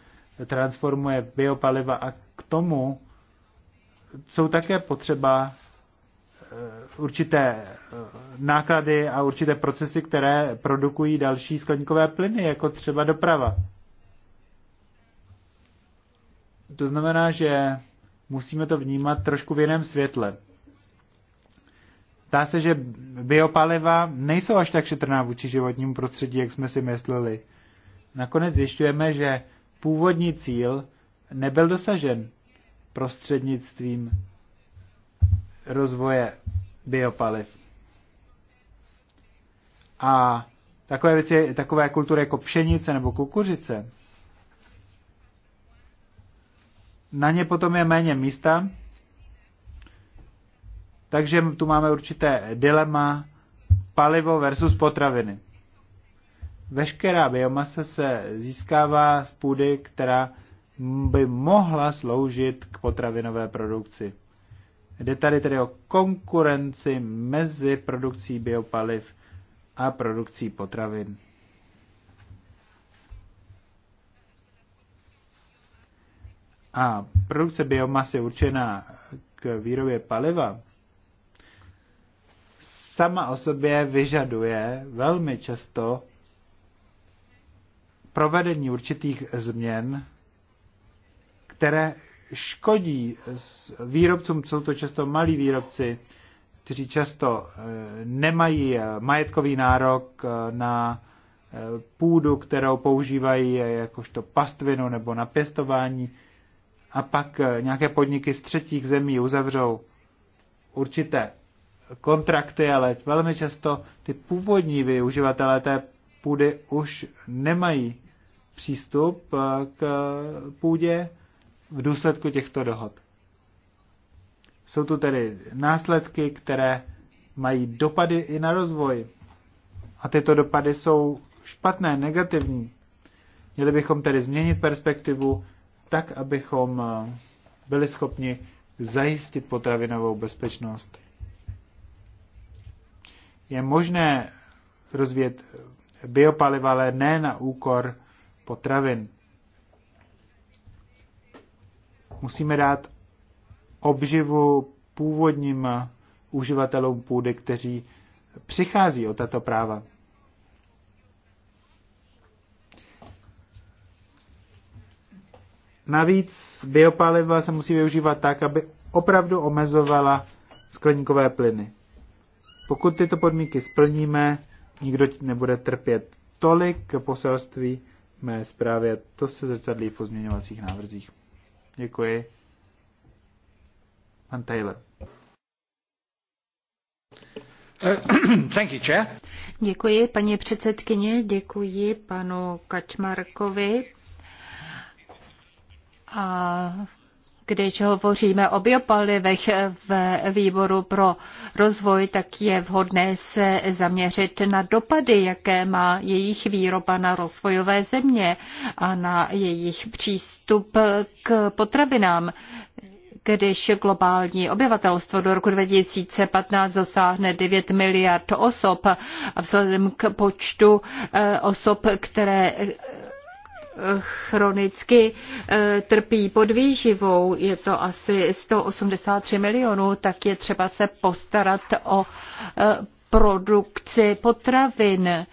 transformuje v biopaliva a k tomu jsou také potřeba eh, určité eh, náklady a určité procesy, které produkují další skleníkové plyny, jako třeba doprava. To znamená, že musíme to vnímat trošku v jiném světle. Zdá se, že biopaliva nejsou až tak šetrná vůči životnímu prostředí, jak jsme si mysleli. Nakonec zjišťujeme, že původní cíl nebyl dosažen prostřednictvím rozvoje biopaliv. A takové věci, takové kultury jako pšenice nebo kukuřice, na ně potom je méně místa takže tu máme určité dilema palivo versus potraviny. Veškerá biomasa se získává z půdy, která by mohla sloužit k potravinové produkci. Jde tady tedy o konkurenci mezi produkcí biopaliv a produkcí potravin. A produkce biomasy určená k výrobě paliva sama o sobě vyžaduje velmi často provedení určitých změn, které škodí výrobcům, jsou to často malí výrobci, kteří často eh, nemají eh, majetkový nárok eh, na půdu, kterou používají jakožto pastvinu nebo na pěstování a pak nějaké podniky z třetích zemí uzavřou určité kontrakty, ale velmi často ty původní využivatelé té půdy už nemají přístup eh, k půdě v důsledku těchto dohod. Jsou tu tedy následky, které mají dopady i na rozvoj. A tyto dopady jsou špatné, negativní. Měli bychom tedy změnit perspektivu tak, abychom eh, byli schopni zajistit potravinovou bezpečnost je možné rozvíjet biopaliva, ale ne na úkor potravin. Musíme dát obživu původním uživatelům půdy, kteří přichází o tato práva. Navíc biopaliva se musí využívat tak, aby opravdu omezovala skleníkové plyny. Pokud tyto podmínky splníme, nikdo nebude trpět tolik poselství mé zprávě. To se zrcadlí v pozměňovacích návrzích. Děkuji. Pan Taylor. Eh, thank you, chair. Děkuji, paní předsedkyně, děkuji panu Kačmarkovi. A když hovoříme o biopalivech v výboru pro rozvoj, tak je vhodné se zaměřit na dopady, jaké má jejich výroba na rozvojové země a na jejich přístup k potravinám když globální obyvatelstvo do roku 2015 dosáhne 9 miliard osob a vzhledem k počtu eh, osob, které chronicky eh, trpí podvýživou, je to asi 183 milionů, tak je třeba se postarat o eh, produkci potravin.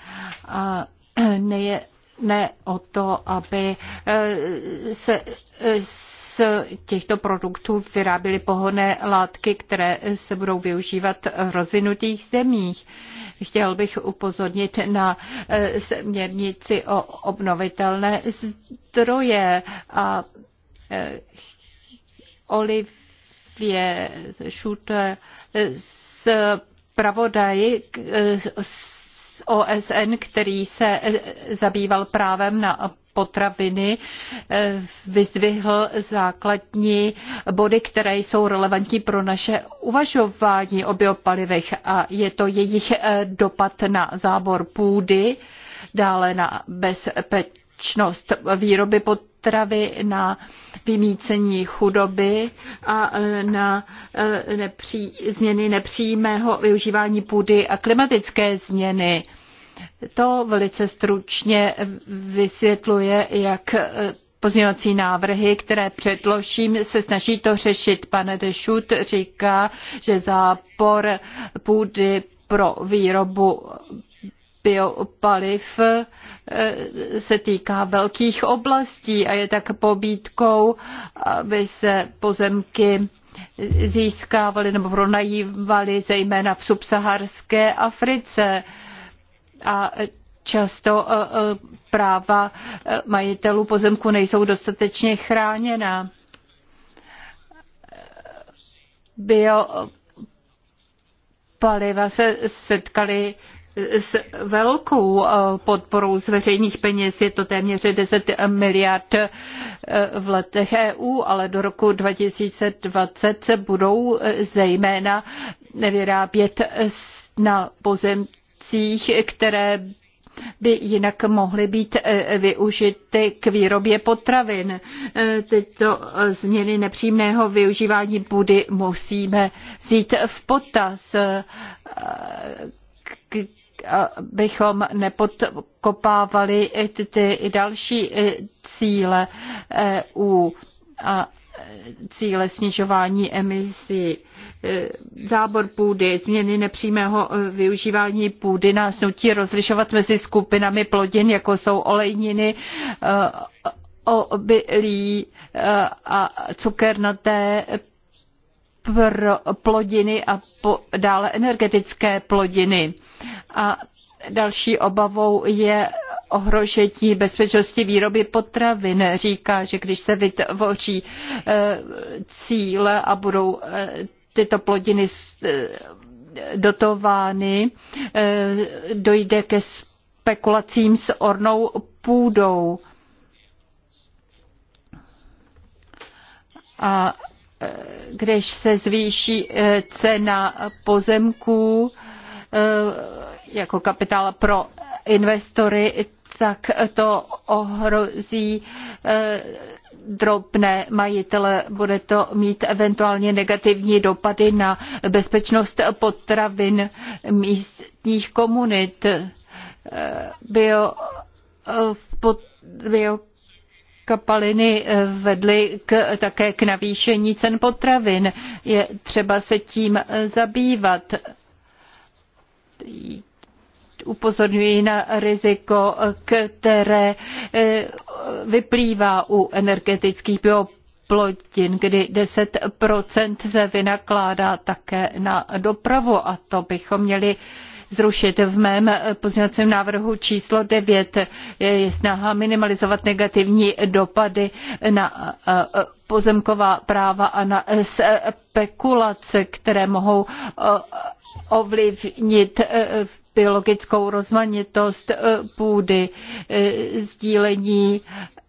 A eh, ne, ne o to, aby se z těchto produktů vyráběly pohonné látky, které se budou využívat v rozvinutých zemích. Chtěl bych upozornit na eh, směrnici o obnovitelné zdroje a eh, Olivie Schutter z eh, Pravodaj z OSN, který se zabýval právem na potraviny eh, vyzdvihl základní body, které jsou relevantní pro naše uvažování o biopalivech a je to jejich eh, dopad na zábor půdy, dále na bezpečnost výroby potravy, na vymícení chudoby a eh, na nepří, změny nepřímého využívání půdy a klimatické změny to velice stručně vysvětluje, jak eh, pozměňovací návrhy, které předložím, se snaží to řešit. Pane Dešut říká, že zápor půdy pro výrobu biopaliv eh, se týká velkých oblastí a je tak pobídkou, aby se pozemky získávaly nebo pronajívaly zejména v subsaharské Africe a často e, e, práva e, majitelů pozemku nejsou dostatečně chráněna. Bio paliva se setkali s velkou podporou z veřejných peněz. Je to téměř 10 miliard v letech EU, ale do roku 2020 se budou zejména nevyrábět na pozemku lesích, které by jinak mohly být eh, využity k výrobě potravin. Eh, tyto změny nepřímného využívání půdy musíme vzít v potaz, eh, abychom nepodkopávali ty další cíle EU a cíle snižování emisí E, zábor půdy, změny nepřímého e, využívání půdy nás nutí rozlišovat mezi skupinami plodin, jako jsou olejniny, e, obilí a cukernaté plodiny a dále energetické plodiny. A další obavou je ohrožení bezpečnosti výroby potravin. Říká, že když se vytvoří cíle a budou tyto plodiny e, dotovány, e, dojde ke spekulacím s ornou půdou. A e, když se zvýší cena pozemků jako kapitál pro investory, tak to ohrozí drobné majitele. Bude to mít eventuálně negativní dopady na bezpečnost potravin místních komunit. Bio, bio kapaliny vedly k, také k navýšení cen potravin. Je třeba se tím zabývat upozorňují na riziko, které eh, vyplývá u energetických bioplodin, kdy 10% se vynakládá také na dopravu a to bychom měli zrušit. V mém pozměňovacím návrhu číslo 9 je snaha minimalizovat negativní dopady na eh, pozemková práva a na eh, spekulace, které mohou ovlivnit biologickou rozmanitost eh, půdy, eh, sdílení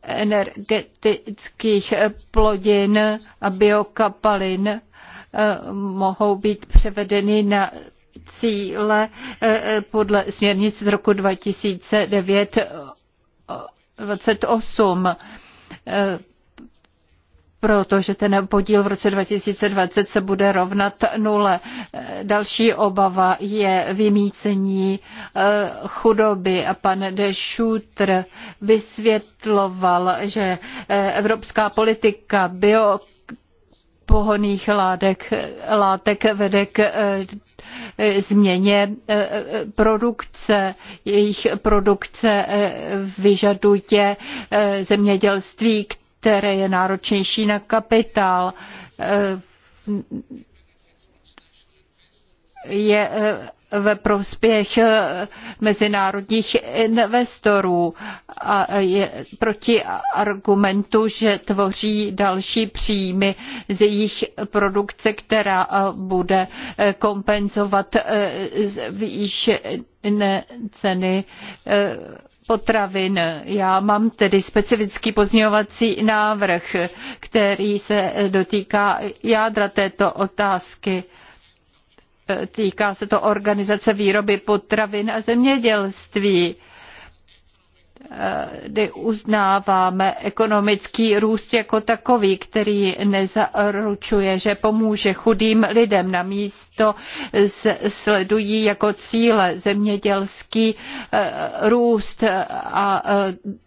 energetických eh, plodin a biokapalin mohou být převedeny na cíle podle směrnic z roku 2009 28 protože ten podíl v roce 2020 se bude rovnat nule. Další obava je vymícení eh, chudoby a pan de Schutter vysvětloval, že eh, evropská politika bio pohoných látek, látek vede k eh, změně produkce. Jejich produkce vyžaduje zemědělství, které je náročnější na kapitál. Eh, je eh, ve prospěch eh, mezinárodních investorů a je proti argumentu, že tvoří další příjmy z jejich produkce, která bude kompenzovat výše ceny potravin. Já mám tedy specifický pozměňovací návrh, který se dotýká jádra této otázky. Týká se to organizace výroby potravin a zemědělství kdy uznáváme ekonomický růst jako takový, který nezaručuje, že pomůže chudým lidem. na Namísto sledují jako cíle zemědělský eh, růst a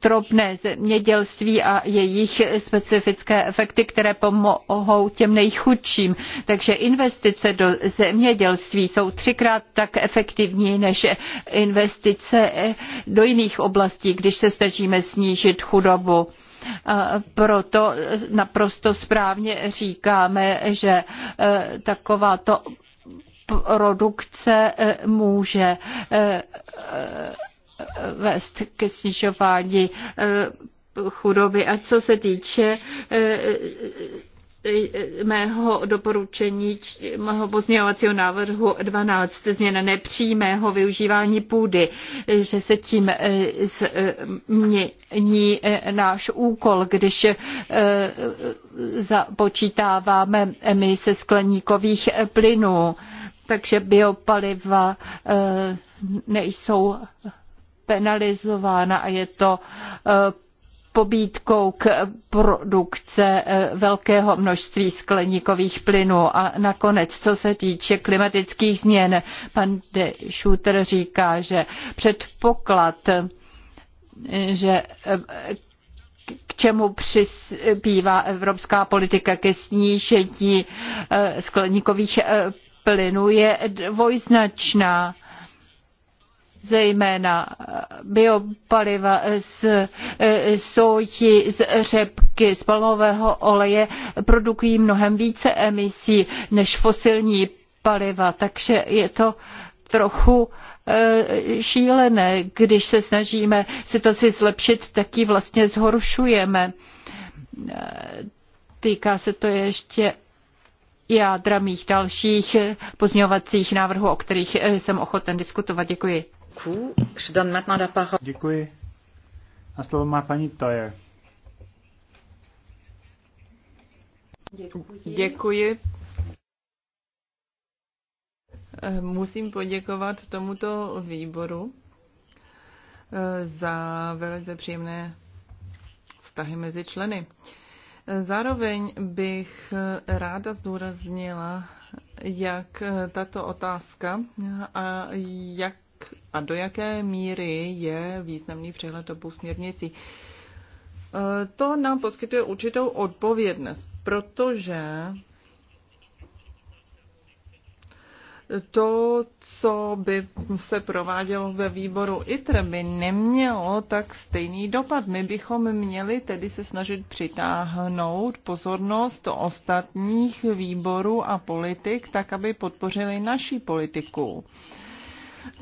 drobné zemědělství a jejich specifické efekty, které pomohou těm nejchudším. Takže investice do zemědělství jsou třikrát tak efektivní než investice do jiných oblastí, když když se snažíme snížit chudobu. Proto naprosto správně říkáme, že e, takováto produkce e, může e, vést ke snižování chudoby. A co se týče E, mého doporučení, mého pozměňovacího návrhu 12, změna nepřímého využívání půdy, že se tím e, změní e, náš úkol, když započítáváme emise skleníkových plynů. Takže biopaliva nejsou penalizována a je to pobídkou k produkce eh, velkého množství skleníkových plynů. A nakonec, co se týče klimatických změn, pan de Schutter říká, že předpoklad, eh, že eh, k čemu přispívá evropská politika ke snížení skleníkových plynů, je dvojznačná zejména eh, biopaliva z eh, soji, z řepky, z palmového oleje produkují mnohem více emisí než fosilní paliva, takže je to trochu eh, šílené. Když se snažíme situaci zlepšit, tak ji vlastně zhoršujeme. Týká se to ještě jádra mých dalších pozměňovacích návrhů, o kterých jsem ochoten diskutovat. Děkuji. Děkuji. A slovo má paní Toyer. Děkuji. Děkuji. Musím poděkovat tomuto výboru eh, za velice příjemné vztahy mezi členy. Zároveň bych eh, ráda zdůraznila, jak eh, tato otázka a jak a do jaké míry je významný přehled obou směrnicí. E, to nám poskytuje určitou odpovědnost, protože to, co by se provádělo ve výboru ITRE, by nemělo tak stejný dopad. My bychom měli tedy se snažit přitáhnout pozornost ostatních výborů a politik, tak aby podpořili naší politiku.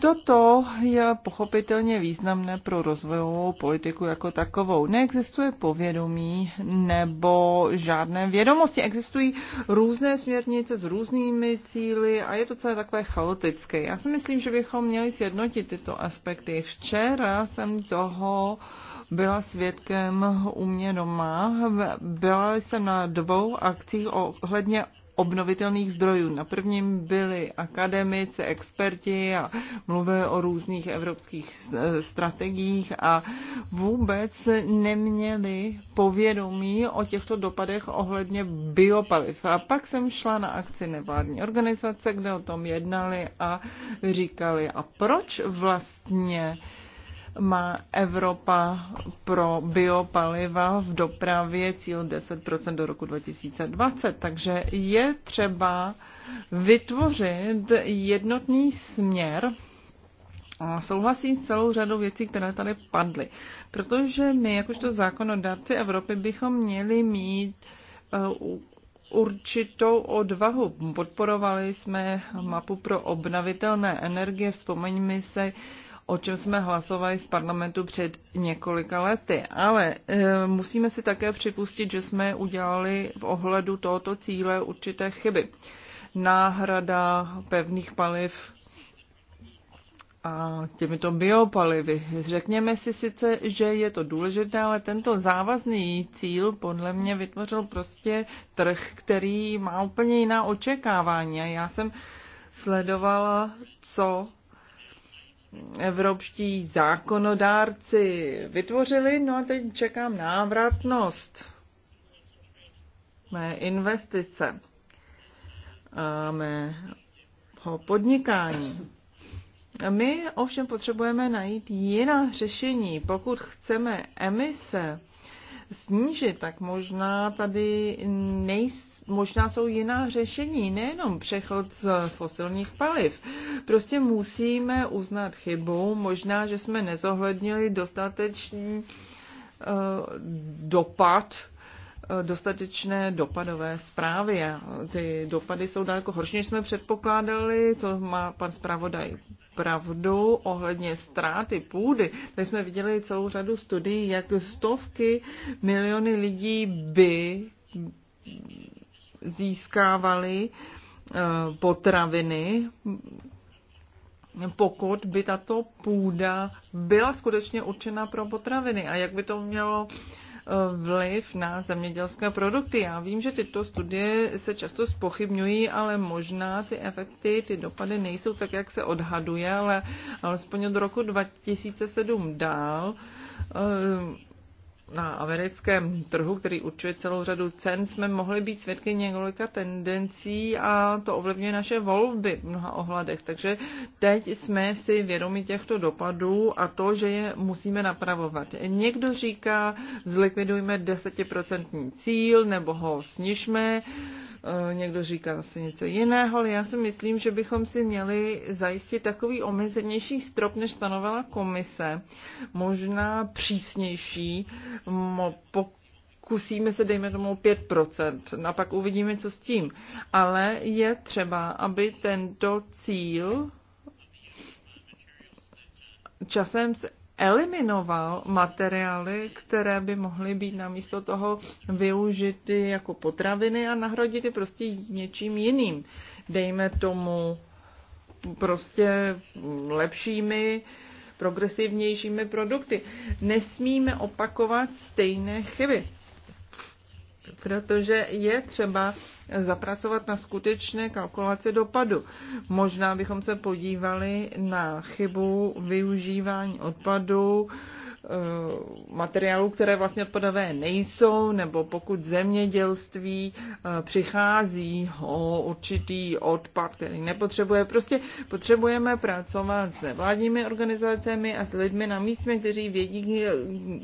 Toto je pochopitelně významné pro rozvojovou politiku jako takovou. Neexistuje povědomí nebo žádné vědomosti. Existují různé směrnice s různými cíly a je to celé takové chaotické. Já si myslím, že bychom měli sjednotit tyto aspekty. Včera jsem toho byla svědkem u mě doma. Byla jsem na dvou akcích ohledně obnovitelných zdrojů. Na prvním byli akademici, experti a mluví o různých evropských strategiích a vůbec neměli povědomí o těchto dopadech ohledně biopaliv. A pak jsem šla na akci nevládní organizace, kde o tom jednali a říkali, a proč vlastně má Evropa pro biopaliva v dopravě cíl 10% do roku 2020. Takže je třeba vytvořit jednotný směr a souhlasím s celou řadou věcí, které tady padly. Protože my, jakožto zákonodárci Evropy, bychom měli mít eh, určitou odvahu. Podporovali jsme mapu pro obnovitelné energie, vzpomeňme se, o čem jsme hlasovali v parlamentu před několika lety. Ale e, musíme si také připustit, že jsme udělali v ohledu tohoto cíle určité chyby. Náhrada pevných paliv a těmito biopalivy. Řekněme si sice, že je to důležité, ale tento závazný cíl podle mě vytvořil prostě trh, který má úplně jiná očekávání. A já jsem sledovala, co evropští zákonodárci vytvořili, no a teď čekám návratnost mé investice a mého podnikání. My ovšem potřebujeme najít jiná řešení. Pokud chceme emise snížit, tak možná tady nejsou možná jsou jiná řešení, nejenom přechod z fosilních paliv. Prostě musíme uznat chybu, možná, že jsme nezohlednili dostatečný eh, dopad eh, dostatečné dopadové zprávy. Ty dopady jsou daleko horší, než jsme předpokládali, to má pan zpravodaj pravdu ohledně ztráty půdy. Tady jsme viděli celou řadu studií, jak stovky miliony lidí by získávali eh, potraviny, pokud by tato půda byla skutečně určena pro potraviny a jak by to mělo eh, vliv na zemědělské produkty. Já vím, že tyto studie se často spochybňují, ale možná ty efekty, ty dopady nejsou tak, jak se odhaduje, ale alespoň od roku 2007 dál eh, na americkém trhu, který určuje celou řadu cen, jsme mohli být svědky několika tendencí a to ovlivňuje naše volby v mnoha ohladech. Takže teď jsme si vědomi těchto dopadů a to, že je musíme napravovat. Někdo říká, zlikvidujme desetiprocentní cíl nebo ho snižme, eh, někdo říká asi něco jiného, ale já si myslím, že bychom si měli zajistit takový omezenější strop, než stanovila komise, možná přísnější, pokusíme se, dejme tomu, 5%. A pak uvidíme, co s tím. Ale je třeba, aby tento cíl časem eliminoval materiály, které by mohly být namísto toho využity jako potraviny a nahradit je prostě něčím jiným. Dejme tomu prostě lepšími uh, progresivnějšími produkty. Nesmíme opakovat stejné chyby, protože je třeba zapracovat na skutečné kalkulace dopadu. Možná bychom se podívali na chybu využívání odpadu, Eh, materiálů, které vlastně odpadové nejsou, nebo pokud zemědělství eh, přichází o určitý odpad, který nepotřebuje. Prostě potřebujeme pracovat s vládními organizacemi a s lidmi na místě, kteří vědí eh,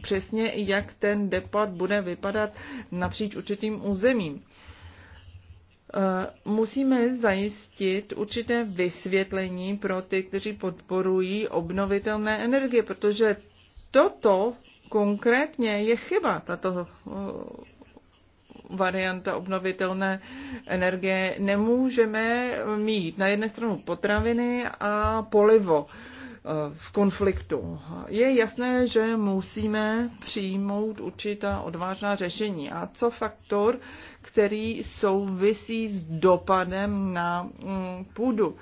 přesně, jak ten depad bude vypadat napříč určitým územím musíme zajistit určité vysvětlení pro ty, kteří podporují obnovitelné energie, protože toto konkrétně je chyba, tato varianta obnovitelné energie. Nemůžeme mít na jedné stranu potraviny a polivo e, v konfliktu. Je jasné, že musíme přijmout určitá odvážná řešení. A co faktor, který souvisí s dopadem na mm, půdu?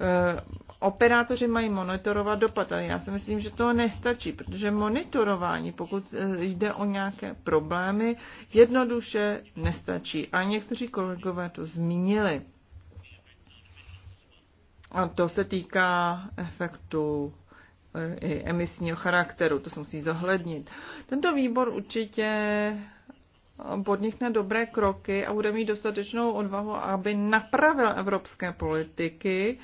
E, operátoři mají monitorovat dopad, ale já si myslím, že to nestačí, protože monitorování, pokud eh, jde o nějaké problémy, jednoduše nestačí. A někteří kolegové to zmínili. A to se týká efektu eh, i emisního charakteru, to se musí zohlednit. Tento výbor určitě eh, podnikne dobré kroky a bude mít dostatečnou odvahu, aby napravil evropské politiky,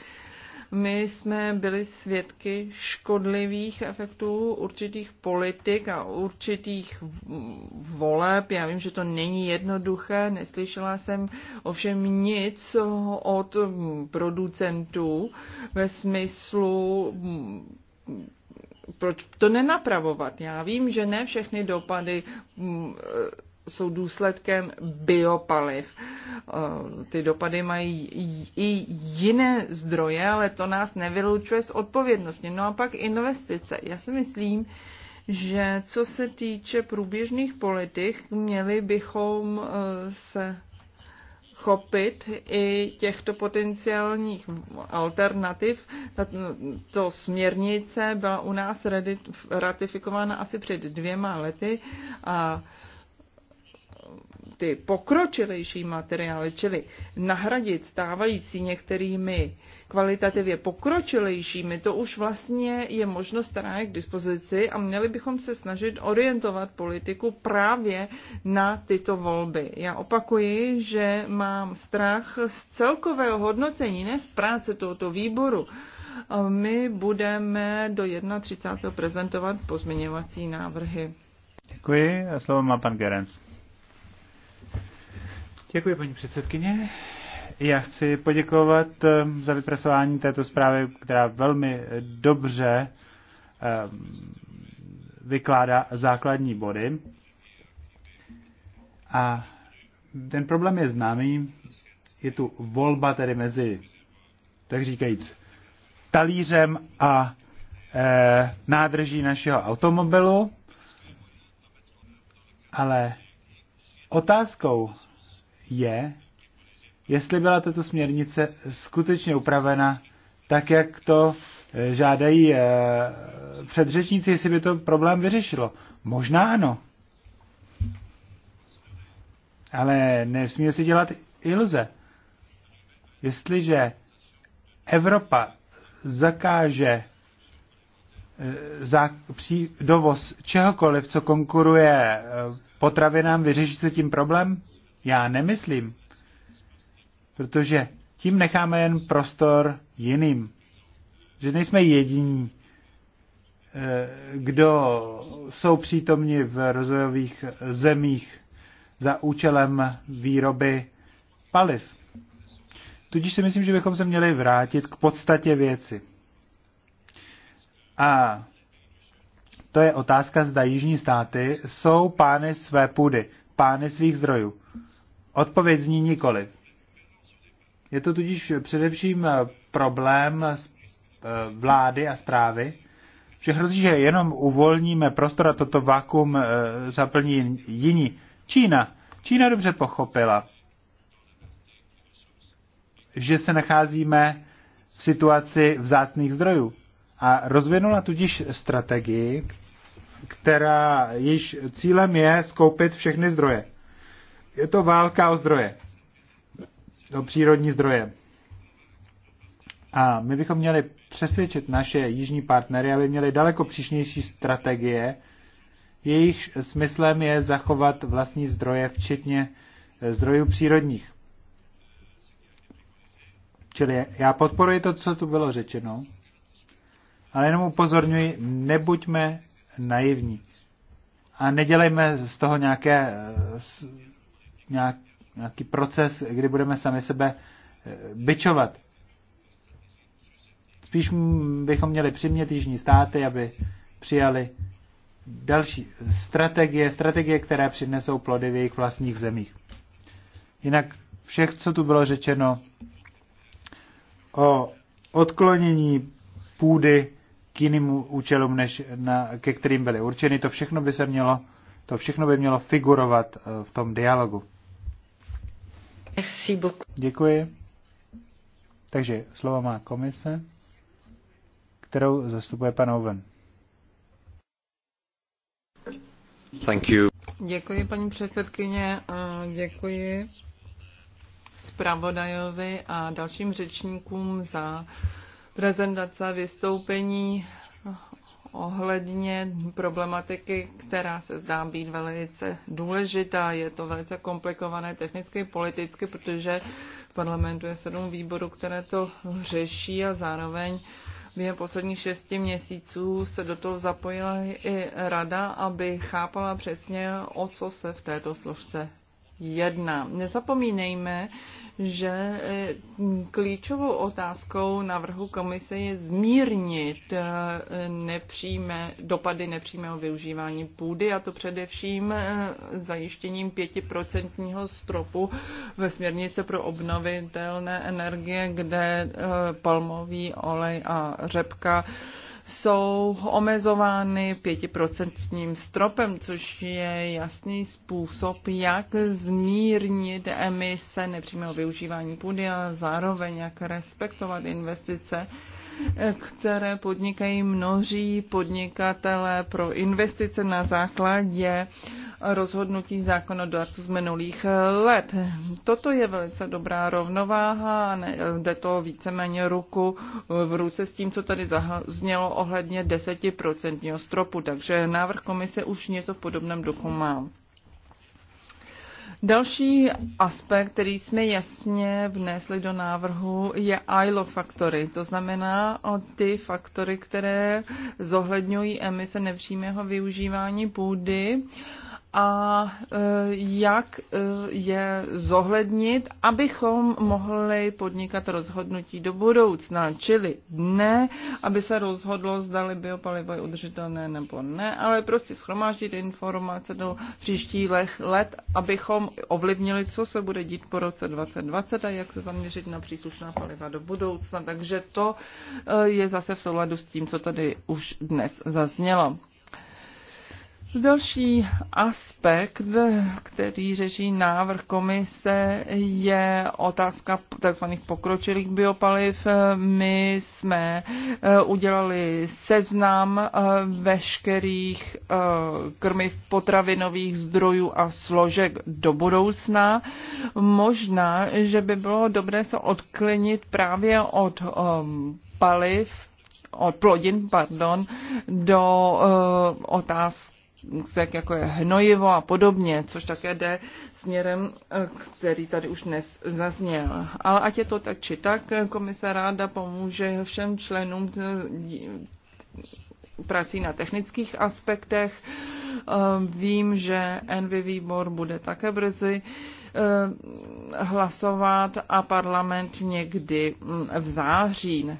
my jsme byli svědky škodlivých efektů určitých politik a určitých voleb. Já vím, že to není jednoduché, neslyšela jsem ovšem nic od producentů ve smyslu proč to nenapravovat? Já vím, že ne všechny dopady mm, jsou důsledkem biopaliv. Eh, ty dopady mají i jiné zdroje, ale to nás nevylučuje z odpovědnosti. No a pak investice. Já si myslím, že co se týče průběžných politik, měli bychom eh, se chopit i těchto potenciálních alternativ. To směrnice byla u nás ratifikována asi před dvěma lety a ty pokročilejší materiály, čili nahradit stávající některými kvalitativě pokročilejšími, to už vlastně je možnost, která je k dispozici a měli bychom se snažit orientovat politiku právě na tyto volby. Já opakuji, že mám strach z celkového hodnocení, ne z práce tohoto výboru. My budeme do 31. prezentovat pozměňovací návrhy. Děkuji. A slovo má pan Gerenc. Děkuji, paní předsedkyně. Já chci poděkovat ehm, za vypracování této zprávy, která velmi dobře ehm, vykládá základní body. A ten problém je známý. Je tu volba tedy mezi, tak říkajíc, talířem a e, nádrží našeho automobilu. Ale otázkou je, jestli byla tato směrnice skutečně upravena tak, jak to eh, žádají eh, předřečníci, jestli by to problém vyřešilo. Možná ano. Ale nesmí si dělat iluze. Jestliže Evropa zakáže eh, za, pří, dovoz čehokoliv, co konkuruje potravinám, vyřeší se tím problém? Já nemyslím, protože tím necháme jen prostor jiným. Že nejsme jediní, eh, kdo jsou přítomni v rozvojových zemích za účelem výroby paliv. Tudíž si myslím, že bychom se měli vrátit k podstatě věci. A to je otázka, zda jižní státy jsou pány své půdy, pány svých zdrojů. Odpověď zní nikoliv. Je to tudíž především eh, problém eh, vlády a zprávy, že hrozí, že jenom uvolníme prostor a toto vakuum eh, zaplní jiní. Čína. Čína dobře pochopila, že se nacházíme v situaci vzácných zdrojů a rozvinula tudíž strategii, která již cílem je skoupit všechny zdroje. Je to válka o zdroje. O přírodní zdroje. A my bychom měli přesvědčit naše jižní partnery, aby měli daleko příšnější strategie. Jejich smyslem je zachovat vlastní zdroje, včetně eh, zdrojů přírodních. Čili já podporuji to, co tu bylo řečeno, ale jenom upozorňuji, nebuďme naivní a nedělejme z toho nějaké eh, nějak, nějaký proces, kdy budeme sami sebe eh, byčovat. Spíš bychom měli přimět jižní státy, aby přijali další strategie, strategie, které přinesou plody v jejich vlastních zemích. Jinak vše, co tu bylo řečeno o odklonění půdy k jiným účelům, než na, ke kterým byly určeny, to všechno by se mělo, to všechno by mělo figurovat eh, v tom dialogu. Merci beaucoup. Děkuji. Takže slovo má komise, kterou zastupuje pan Owen. Thank you. Děkuji, paní předsedkyně, a děkuji zpravodajovi a dalším řečníkům za prezentace, vystoupení ohledně problematiky, která se zdá být velice důležitá. Je to velice komplikované technicky i politicky, protože v parlamentu je sedm výborů, které to řeší a zároveň během posledních šesti měsíců se do toho zapojila i rada, aby chápala přesně, o co se v této složce Jedna. Nezapomínejme, že eh, klíčovou otázkou návrhu komise je zmírnit eh, nepřímé, dopady nepřímého využívání půdy, a to především eh, zajištěním pětiprocentního stropu ve směrnice pro obnovitelné energie, kde palmový olej a řepka jsou omezovány pětiprocentním stropem, což je jasný způsob, jak zmírnit emise nepřímého využívání půdy a zároveň jak respektovat investice které podnikají množí podnikatelé pro investice na základě rozhodnutí zákonodárců z minulých let. Toto je velice dobrá rovnováha a jde to víceméně ruku v ruce s tím, co tady znělo ohledně desetiprocentního stropu, takže návrh komise už něco v podobném duchu má. Další aspekt, který jsme jasně vnesli do návrhu, je ILO faktory, to znamená o ty faktory, které zohledňují emise nepřímého využívání půdy a e, jak e, je zohlednit, abychom mohli podnikat rozhodnutí do budoucna, čili ne, aby se rozhodlo, zdali biopalivo je udržitelné nebo ne, ale prostě schromáždit informace do příštích let, abychom ovlivnili, co se bude dít po roce 2020 a jak se zaměřit na příslušná paliva do budoucna. Takže to e, je zase v souladu s tím, co tady už dnes zaznělo. Další aspekt, který řeší návrh komise, je otázka tzv. pokročilých biopaliv. My jsme eh, udělali seznam eh, veškerých eh, krmiv potravinových zdrojů a složek do budoucna. Možná, že by bylo dobré se odklinit právě od paliv od plodin, pardon, do otázky tak jako je hnojivo a podobně, což také jde směrem, eh, který tady už dnes zazněl. Ale ať je to tak či tak, komise ráda pomůže všem členům eh, prací na technických aspektech. Eh, vím, že NV výbor bude také brzy Eh, hlasovat a parlament někdy mm, v září.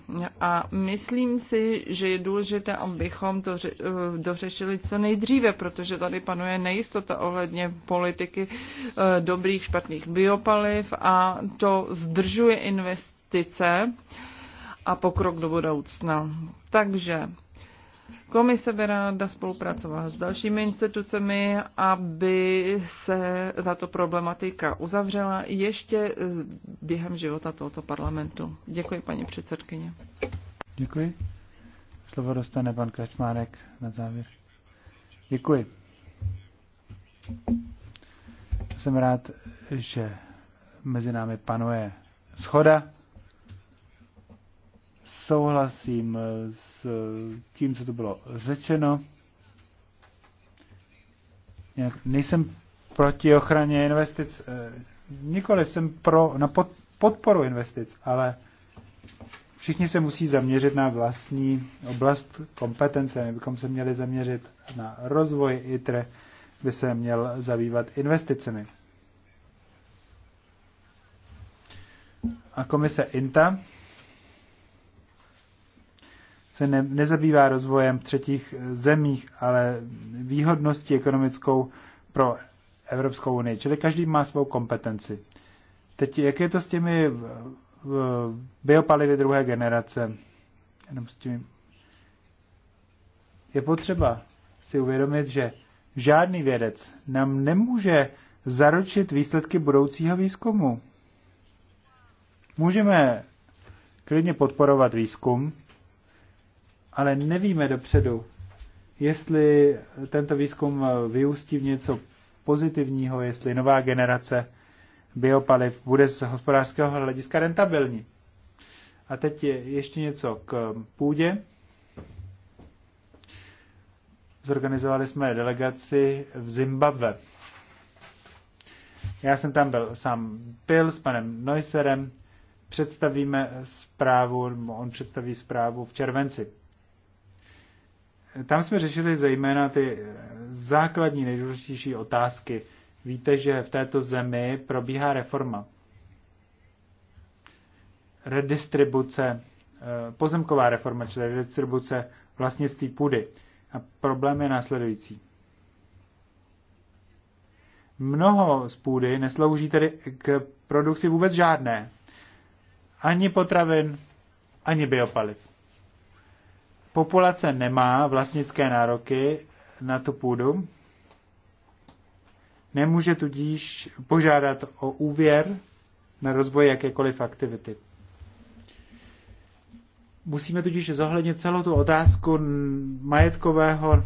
A myslím si, že je důležité, abychom to eh, dořešili co nejdříve, protože tady panuje nejistota ohledně politiky eh, dobrých, špatných biopaliv a to zdržuje investice a pokrok do budoucna. Takže Komise by ráda spolupracovala s dalšími institucemi, aby se tato problematika uzavřela ještě během života tohoto parlamentu. Děkuji, paní předsedkyně. Děkuji. Slovo dostane pan Kačmárek na závěr. Děkuji. Jsem rád, že mezi námi panuje schoda. Souhlasím s Eh, tím, co to bylo řečeno. Já nejsem proti ochraně investic, eh, Nikoli jsem pro, na pod, podporu investic, ale všichni se musí zaměřit na vlastní oblast kompetence. My bychom se měli zaměřit na rozvoj ITRE, by se měl zabývat investicemi. A komise INTA se ne, nezabývá rozvojem v třetích eh, zemích, ale výhodností ekonomickou pro Evropskou unii. Čili každý má svou kompetenci. Teď jak je to s těmi eh, biopalivy druhé generace? Jenom s tím. Je potřeba si uvědomit, že žádný vědec nám nemůže zaručit výsledky budoucího výzkumu. Můžeme klidně podporovat výzkum, ale nevíme dopředu, jestli tento výzkum vyústí v něco pozitivního, jestli nová generace biopaliv bude z hospodářského hlediska rentabilní. A teď je ještě něco k půdě. Zorganizovali jsme delegaci v Zimbabve. Já jsem tam byl sám pil s panem Neusserem. Představíme zprávu, on představí zprávu v červenci tam jsme řešili zejména ty základní nejdůležitější otázky. Víte, že v této zemi probíhá reforma. Redistribuce, eh, pozemková reforma, čili redistribuce vlastnictví půdy. A problém je následující. Mnoho z půdy neslouží tedy k produkci vůbec žádné. Ani potravin, ani biopaliv populace nemá vlastnické nároky na tu půdu, nemůže tudíž požádat o úvěr na rozvoj jakékoliv aktivity. Musíme tudíž zohlednit celou tu otázku majetkového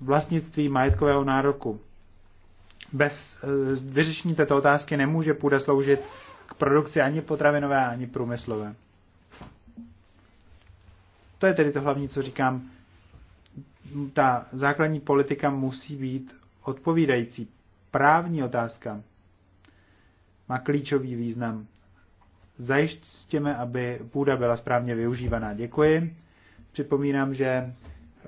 vlastnictví, majetkového nároku. Bez eh, vyřešení této otázky nemůže půda sloužit k produkci ani potravinové, ani průmyslové. To je tedy to hlavní, co říkám. Ta základní politika musí být odpovídající. Právní otázka má klíčový význam. Zajištěme, aby půda byla správně využívaná. Děkuji. Připomínám, že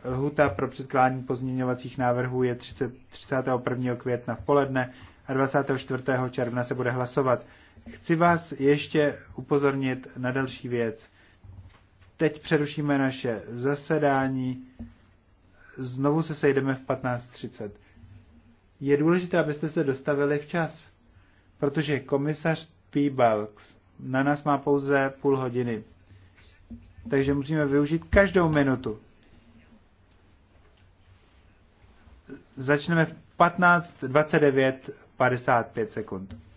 lhuta pro předkládání pozměňovacích návrhů je 30, 31. května v poledne a 24. června se bude hlasovat. Chci vás ještě upozornit na další věc teď přerušíme naše zasedání. Znovu se sejdeme v 15.30. Je důležité, abyste se dostavili včas, protože komisař P. Balks na nás má pouze půl hodiny. Takže musíme využít každou minutu. Začneme v 15.29.55 sekund.